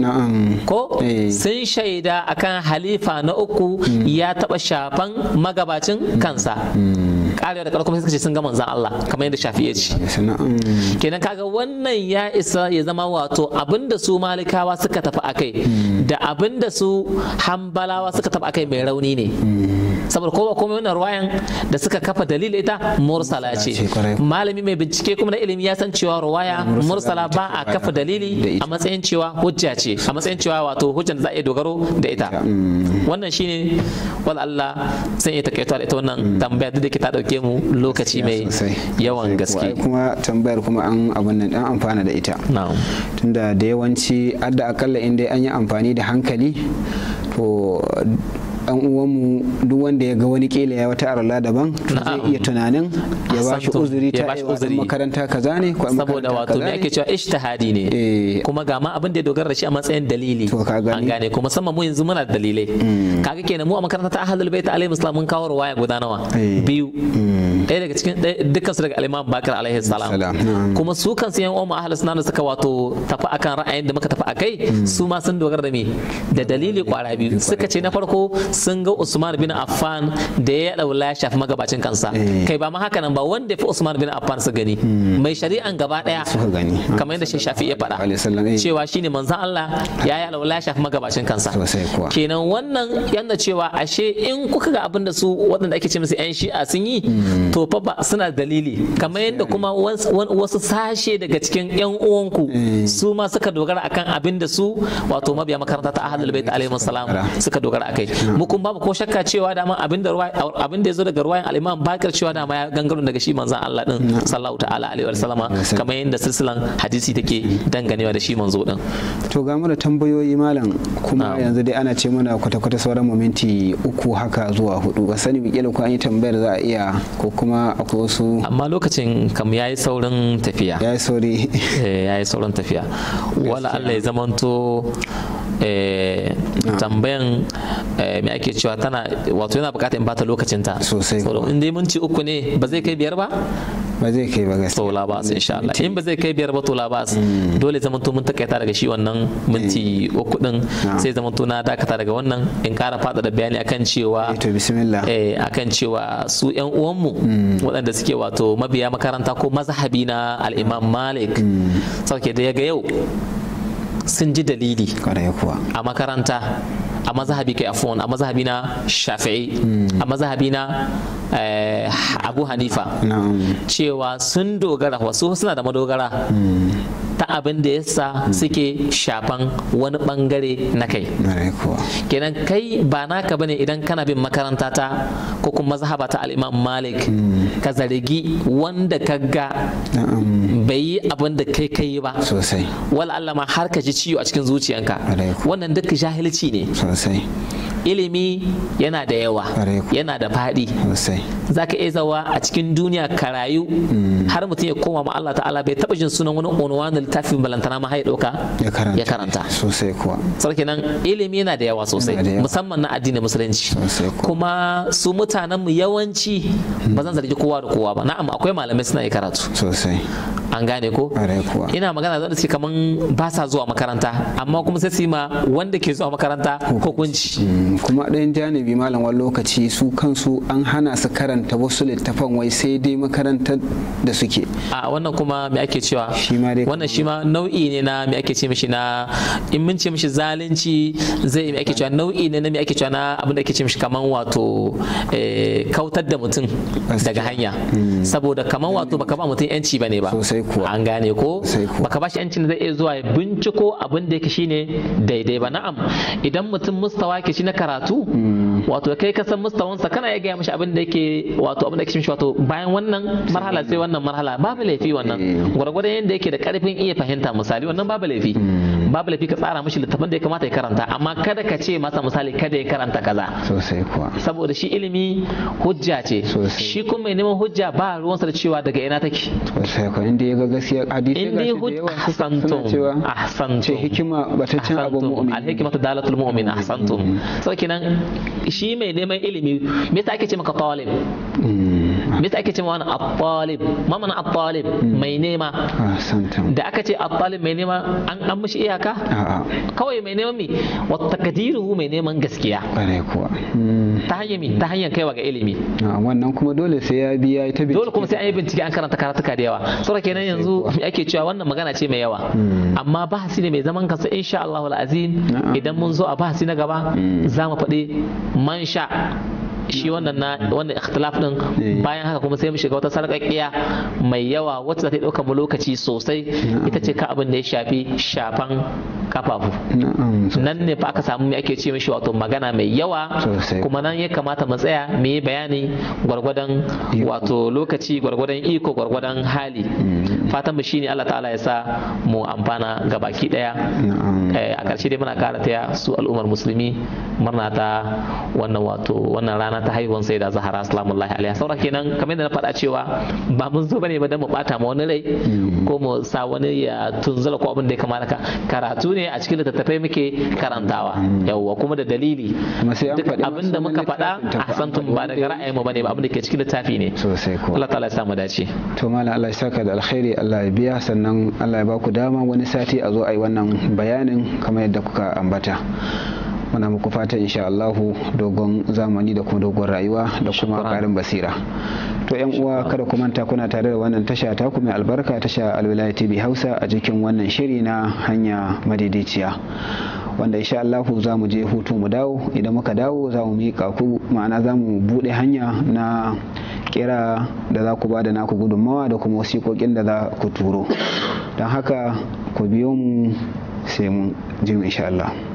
ko eh. sun shaida akan halifa na uku ya taɓa shafan magabacin kansa karewa da ƙarar kuma suka ce sun ga manzan Allah kamar yadda shafi ya ce kenan kaga wannan ya isa ya zama wato abinda su malikawa suka tafi akai da abinda su hambalawa suka tafi akai mai rauni ne hmm. saboda kowa komai wannan ruwayan da suka kafa dalil ita mursala ce malami mai bincike kuma na ilimi ya san cewa ruwaya mursala ba a kafa dalili a matsayin cewa hujja ce a matsayin cewa wato hujjan da za a iya dogaro da ita wannan shine wal Allah sai ya takaito da ita wannan tambaya da ke ta dauke mu lokaci mai yawan gaske kuma tambayar kuma an abun nan dan amfana da ita tunda da yawanci adda akalla inda an yi amfani da hankali to an uwanmu duk wanda ya ga wani kila ya wata arala daban zai iya tunanin ya ba shi uzuri ta yi makaranta kaza ne ko saboda wato me ake cewa ishtihadi ne eh. kuma ga ma abin da ya dogara da shi a matsayin dalili an gane kuma musamman mu yanzu muna da dalilai hmm. kaga kenan mu a makaranta ta ahlul bait alaihi salam mun kawo ruwaya guda nawa eh. biyu hmm. ɗaya daga cikin dukkan su daga al Bakar alaihi salam kuma su kansu yan umma ahlus sunna suka wato tafi akan ra'ayin da muka tafi akai hmm. su ma sun dogara da me da dalili kwara biyu suka ce na farko sun ga Usman bin Affan da ya dau la shafi magabacin kansa eh. kai ba ma haka nan ba wanda fi Usman bin Affan su gani hmm. mai shari'an gaba daya kamar yadda shi shafi ya faɗa eh. cewa shine manzon Allah ya ya dau la shafi magabacin kansa kenan wannan yana cewa ashe in kuka ga abin da su waɗanda ake ce musu yan shi'a sun yi hmm. to fa ba suna dalili kamar yadda kuma wasu sashe daga cikin yan uwanku eh. su ma suka dogara akan abin da su wato mabiya makaranta ta ahlul bait eh. alaihi salam suka dogara akai mu kun babu ko shakka cewa man abin da abin da yazo daga ruwayan al-imam bakir cewa ma ya gangaro daga shi manzon Allah din sallallahu ta'ala alaihi sallama kamar yadda silsilan hadisi take danganewa da shi manzo din to ga mu da tambayoyi malam kuma yanzu dai ana ce mana kwata-kwata sauran mu minti uku haka zuwa hudu ba sani bi ko an yi tambayar za a iya ko kuma akwai wasu amma lokacin kam ya yi saurin tafiya ya yi sauri eh, ya yi saurin tafiya wala Allah ya zamanto Eh, tambayan eh, me ake cewa tana wato yana bukatar in bata lokacinta sosai in dai minti uku ne ba zai kai biyar ba ba zai kai ba gaskiya to labas insha Allah in ba zai kai biyar ba to labas mm. dole zaman to mun takaita daga shi wannan minti mm. uku din sai zaman to na dakata daga wannan in kara fada da bayani akan cewa eh, to bismillah eh akan cewa su yan mu mm. waɗanda suke wato mabiya makaranta ko mazhabi na al-Imam Malik sauke da yau sun ji dalili a makaranta a mazhabi kai afwan a mazhabi na shafi'i hmm. a mazhabi na eh, abu hanifa cewa sun dogara wasu suna da madogara hmm. ta abin da yasa hmm. suke shafan wani bangare na kai kenan kai ba naka bane idan kana bin makaranta ta ko kuma mazhaba ta al'imam malik ka zargi wanda ka ga bai yi abin da kai kai ba sosai wal Allah ma har ka ji ciwo a cikin zuciyanka wannan duk jahilci ne sosai ilimi yana da yawa yana da faɗi za ka iya zawa a cikin duniya ka rayu mm. har mutum ya koma ma Allah ta'ala bai taɓa jin sunan wani unwan littafin balantana ma ya ɗauka ya karanta sosai kuwa sarki nan ilimi yana da yawa sosai musamman na addini musulunci kuma su mutanen mu yawanci ba zan zargi kowa da kowa ba na'am akwai malamai suna yi karatu sosai an gane ko ina magana da suke kaman ba sa zuwa makaranta amma kuma sai sima wanda ke zuwa makaranta ko kunci. Mm, kuma ɗayan janibi malam wani lokaci su kansu an hana su karanta wasu littafan wai sai dai makarantar da suke a wannan kuma me ake cewa wannan shi ma nau'i ne na me ake ce mishi na in mun ce mishi zalunci zai me ake cewa nau'i ne na me ake cewa na abin da ake ce mishi kaman wato eh, kautar da mutum daga hanya mm. saboda kaman wato baka ba mutum yanci bane ba sosai kuwa an gane ko baka bashi yancin da zai iya zuwa binciko abin da yake shine daidai ba na'am idan mutum mustawa ke shi na karatu hmm. wato kai ka san mustawansa kana ya gaya mishi abin da yake wato abin da yake wato bayan wannan marhala sai wannan marhala babu laifi wannan hmm. gwargwadon yadda yake da karfin iya fahimta misali wannan babu laifi hmm. babu laifi ka tsara mishi littafin da ya kamata ya karanta amma kada ka ce masa misali kada ya karanta kaza sosai kuwa saboda shi ilimi hujja ce shi kuma mai neman hujja ba ruwan da cewa daga ina take sosai kuwa inda ya ga gaskiya hadisi ga shi da yawa cewa ahsantum ce hikima bataccen abu mu'min al hikmatu dalatul mu'min ahsantum so kenan shi mai neman ilimi me yasa ake ce maka talib hmm. me ake cewa wani at-talib ma at-talib mai nema ah, da aka ce at-talib mai nema an dan mishi iyaka kawai mai neman mi wa takdiruhu mai neman gaskiya bare kuwa hmm. ta hanyar mi ta hanyar kaiwa ga ilimi ah, wannan kuma dole sai ya biya ta bincike dole kuma sai an yi bincike an karanta karatuka da yawa saboda kenan yanzu ake cewa wannan magana ce mai yawa hmm. amma bahasi ne mai zaman kansa insha Allahu al-azim idan mun zo a bahasi na gaba hmm. za mu faɗi man sha shi wannan na wannan ikhtilaf din eh. bayan haka kuma sai mu shiga wata sarƙaƙiya mai yawa wacce za ta ɗauka mu lokaci sosai ita ce ka abin da ya shafi shafan kafafu nan ne fa aka samu me ake ce mishi wato magana mai yawa kuma nan ya kamata mu tsaya mu yi bayani gwargwadon wato lokaci gwargwadon iko gwargwadon hali mm. fatan mu shine Allah ta'ala ya sa mu amfana ga baki daya eh, a ƙarshe dai muna karata su al'ummar musulmi murna ta wannan wato wannan rana rana ta haihuwan sai da zahara salamullahi alaiha saura kenan kamar yadda na faɗa cewa ba mun zo bane ba dan mu bata ma wani rai ko mu sa wani ya tunzala ko abin da ya kamata ka karatu ne a cikin littattafai muke karantawa yawwa kuma da dalili duk abin da muka faɗa a tun ba daga ra'ayin mu bane ba abin da ke cikin littafi ne sosai ko Allah ta'ala ya sa mu dace to malam Allah ya saka da alkhairi Allah ya biya sannan Allah ya ba ku dama wani sati a zo a yi wannan bayanin kamar yadda kuka ambata muna muku fata insha Allahu dogon zamani da kuma dogon rayuwa da kuma karin basira to yan uwa kada ku manta kuna tare da wannan tasha ta kuma albarka tasha alwilaya tv hausa a cikin wannan shiri na hanya madidiciya. wanda insha Allah za mu je hutu mu dawo idan muka dawo za mu miƙa ku ma'ana za mu buɗe hanya na kira da za ku ba da naku gudunmawa da kuma wasiƙoƙin da za ku turo don haka ku biyo mu sai mu jin insha Allah.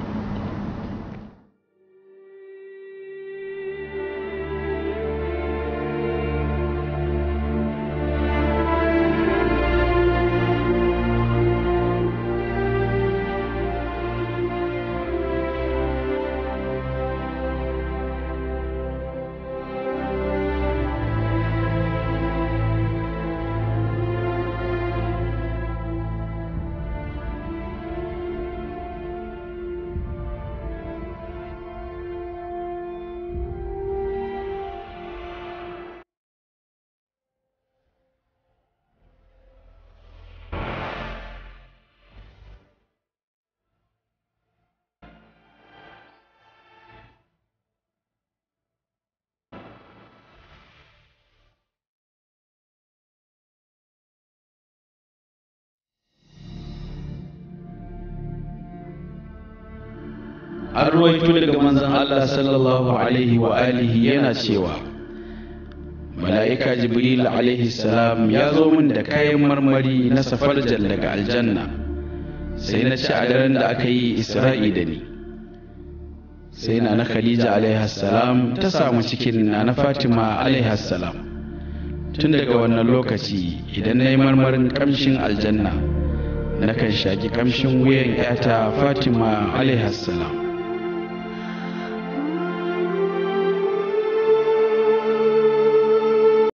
ruwaito daga manzan Allah sallallahu alaihi wa alihi yana cewa mala'ika jibril alaihi salam ya zo min da kayan marmari na safarjan daga aljanna sai na ci a daren da aka yi isra'i da ni sai na na khadija alaihi salam ta samu cikin na na fatima alaihi salam tun daga wannan lokaci idan na yi marmarin kamshin aljanna nakan shaki kamshin wuyan 'yata fatima alaihi salam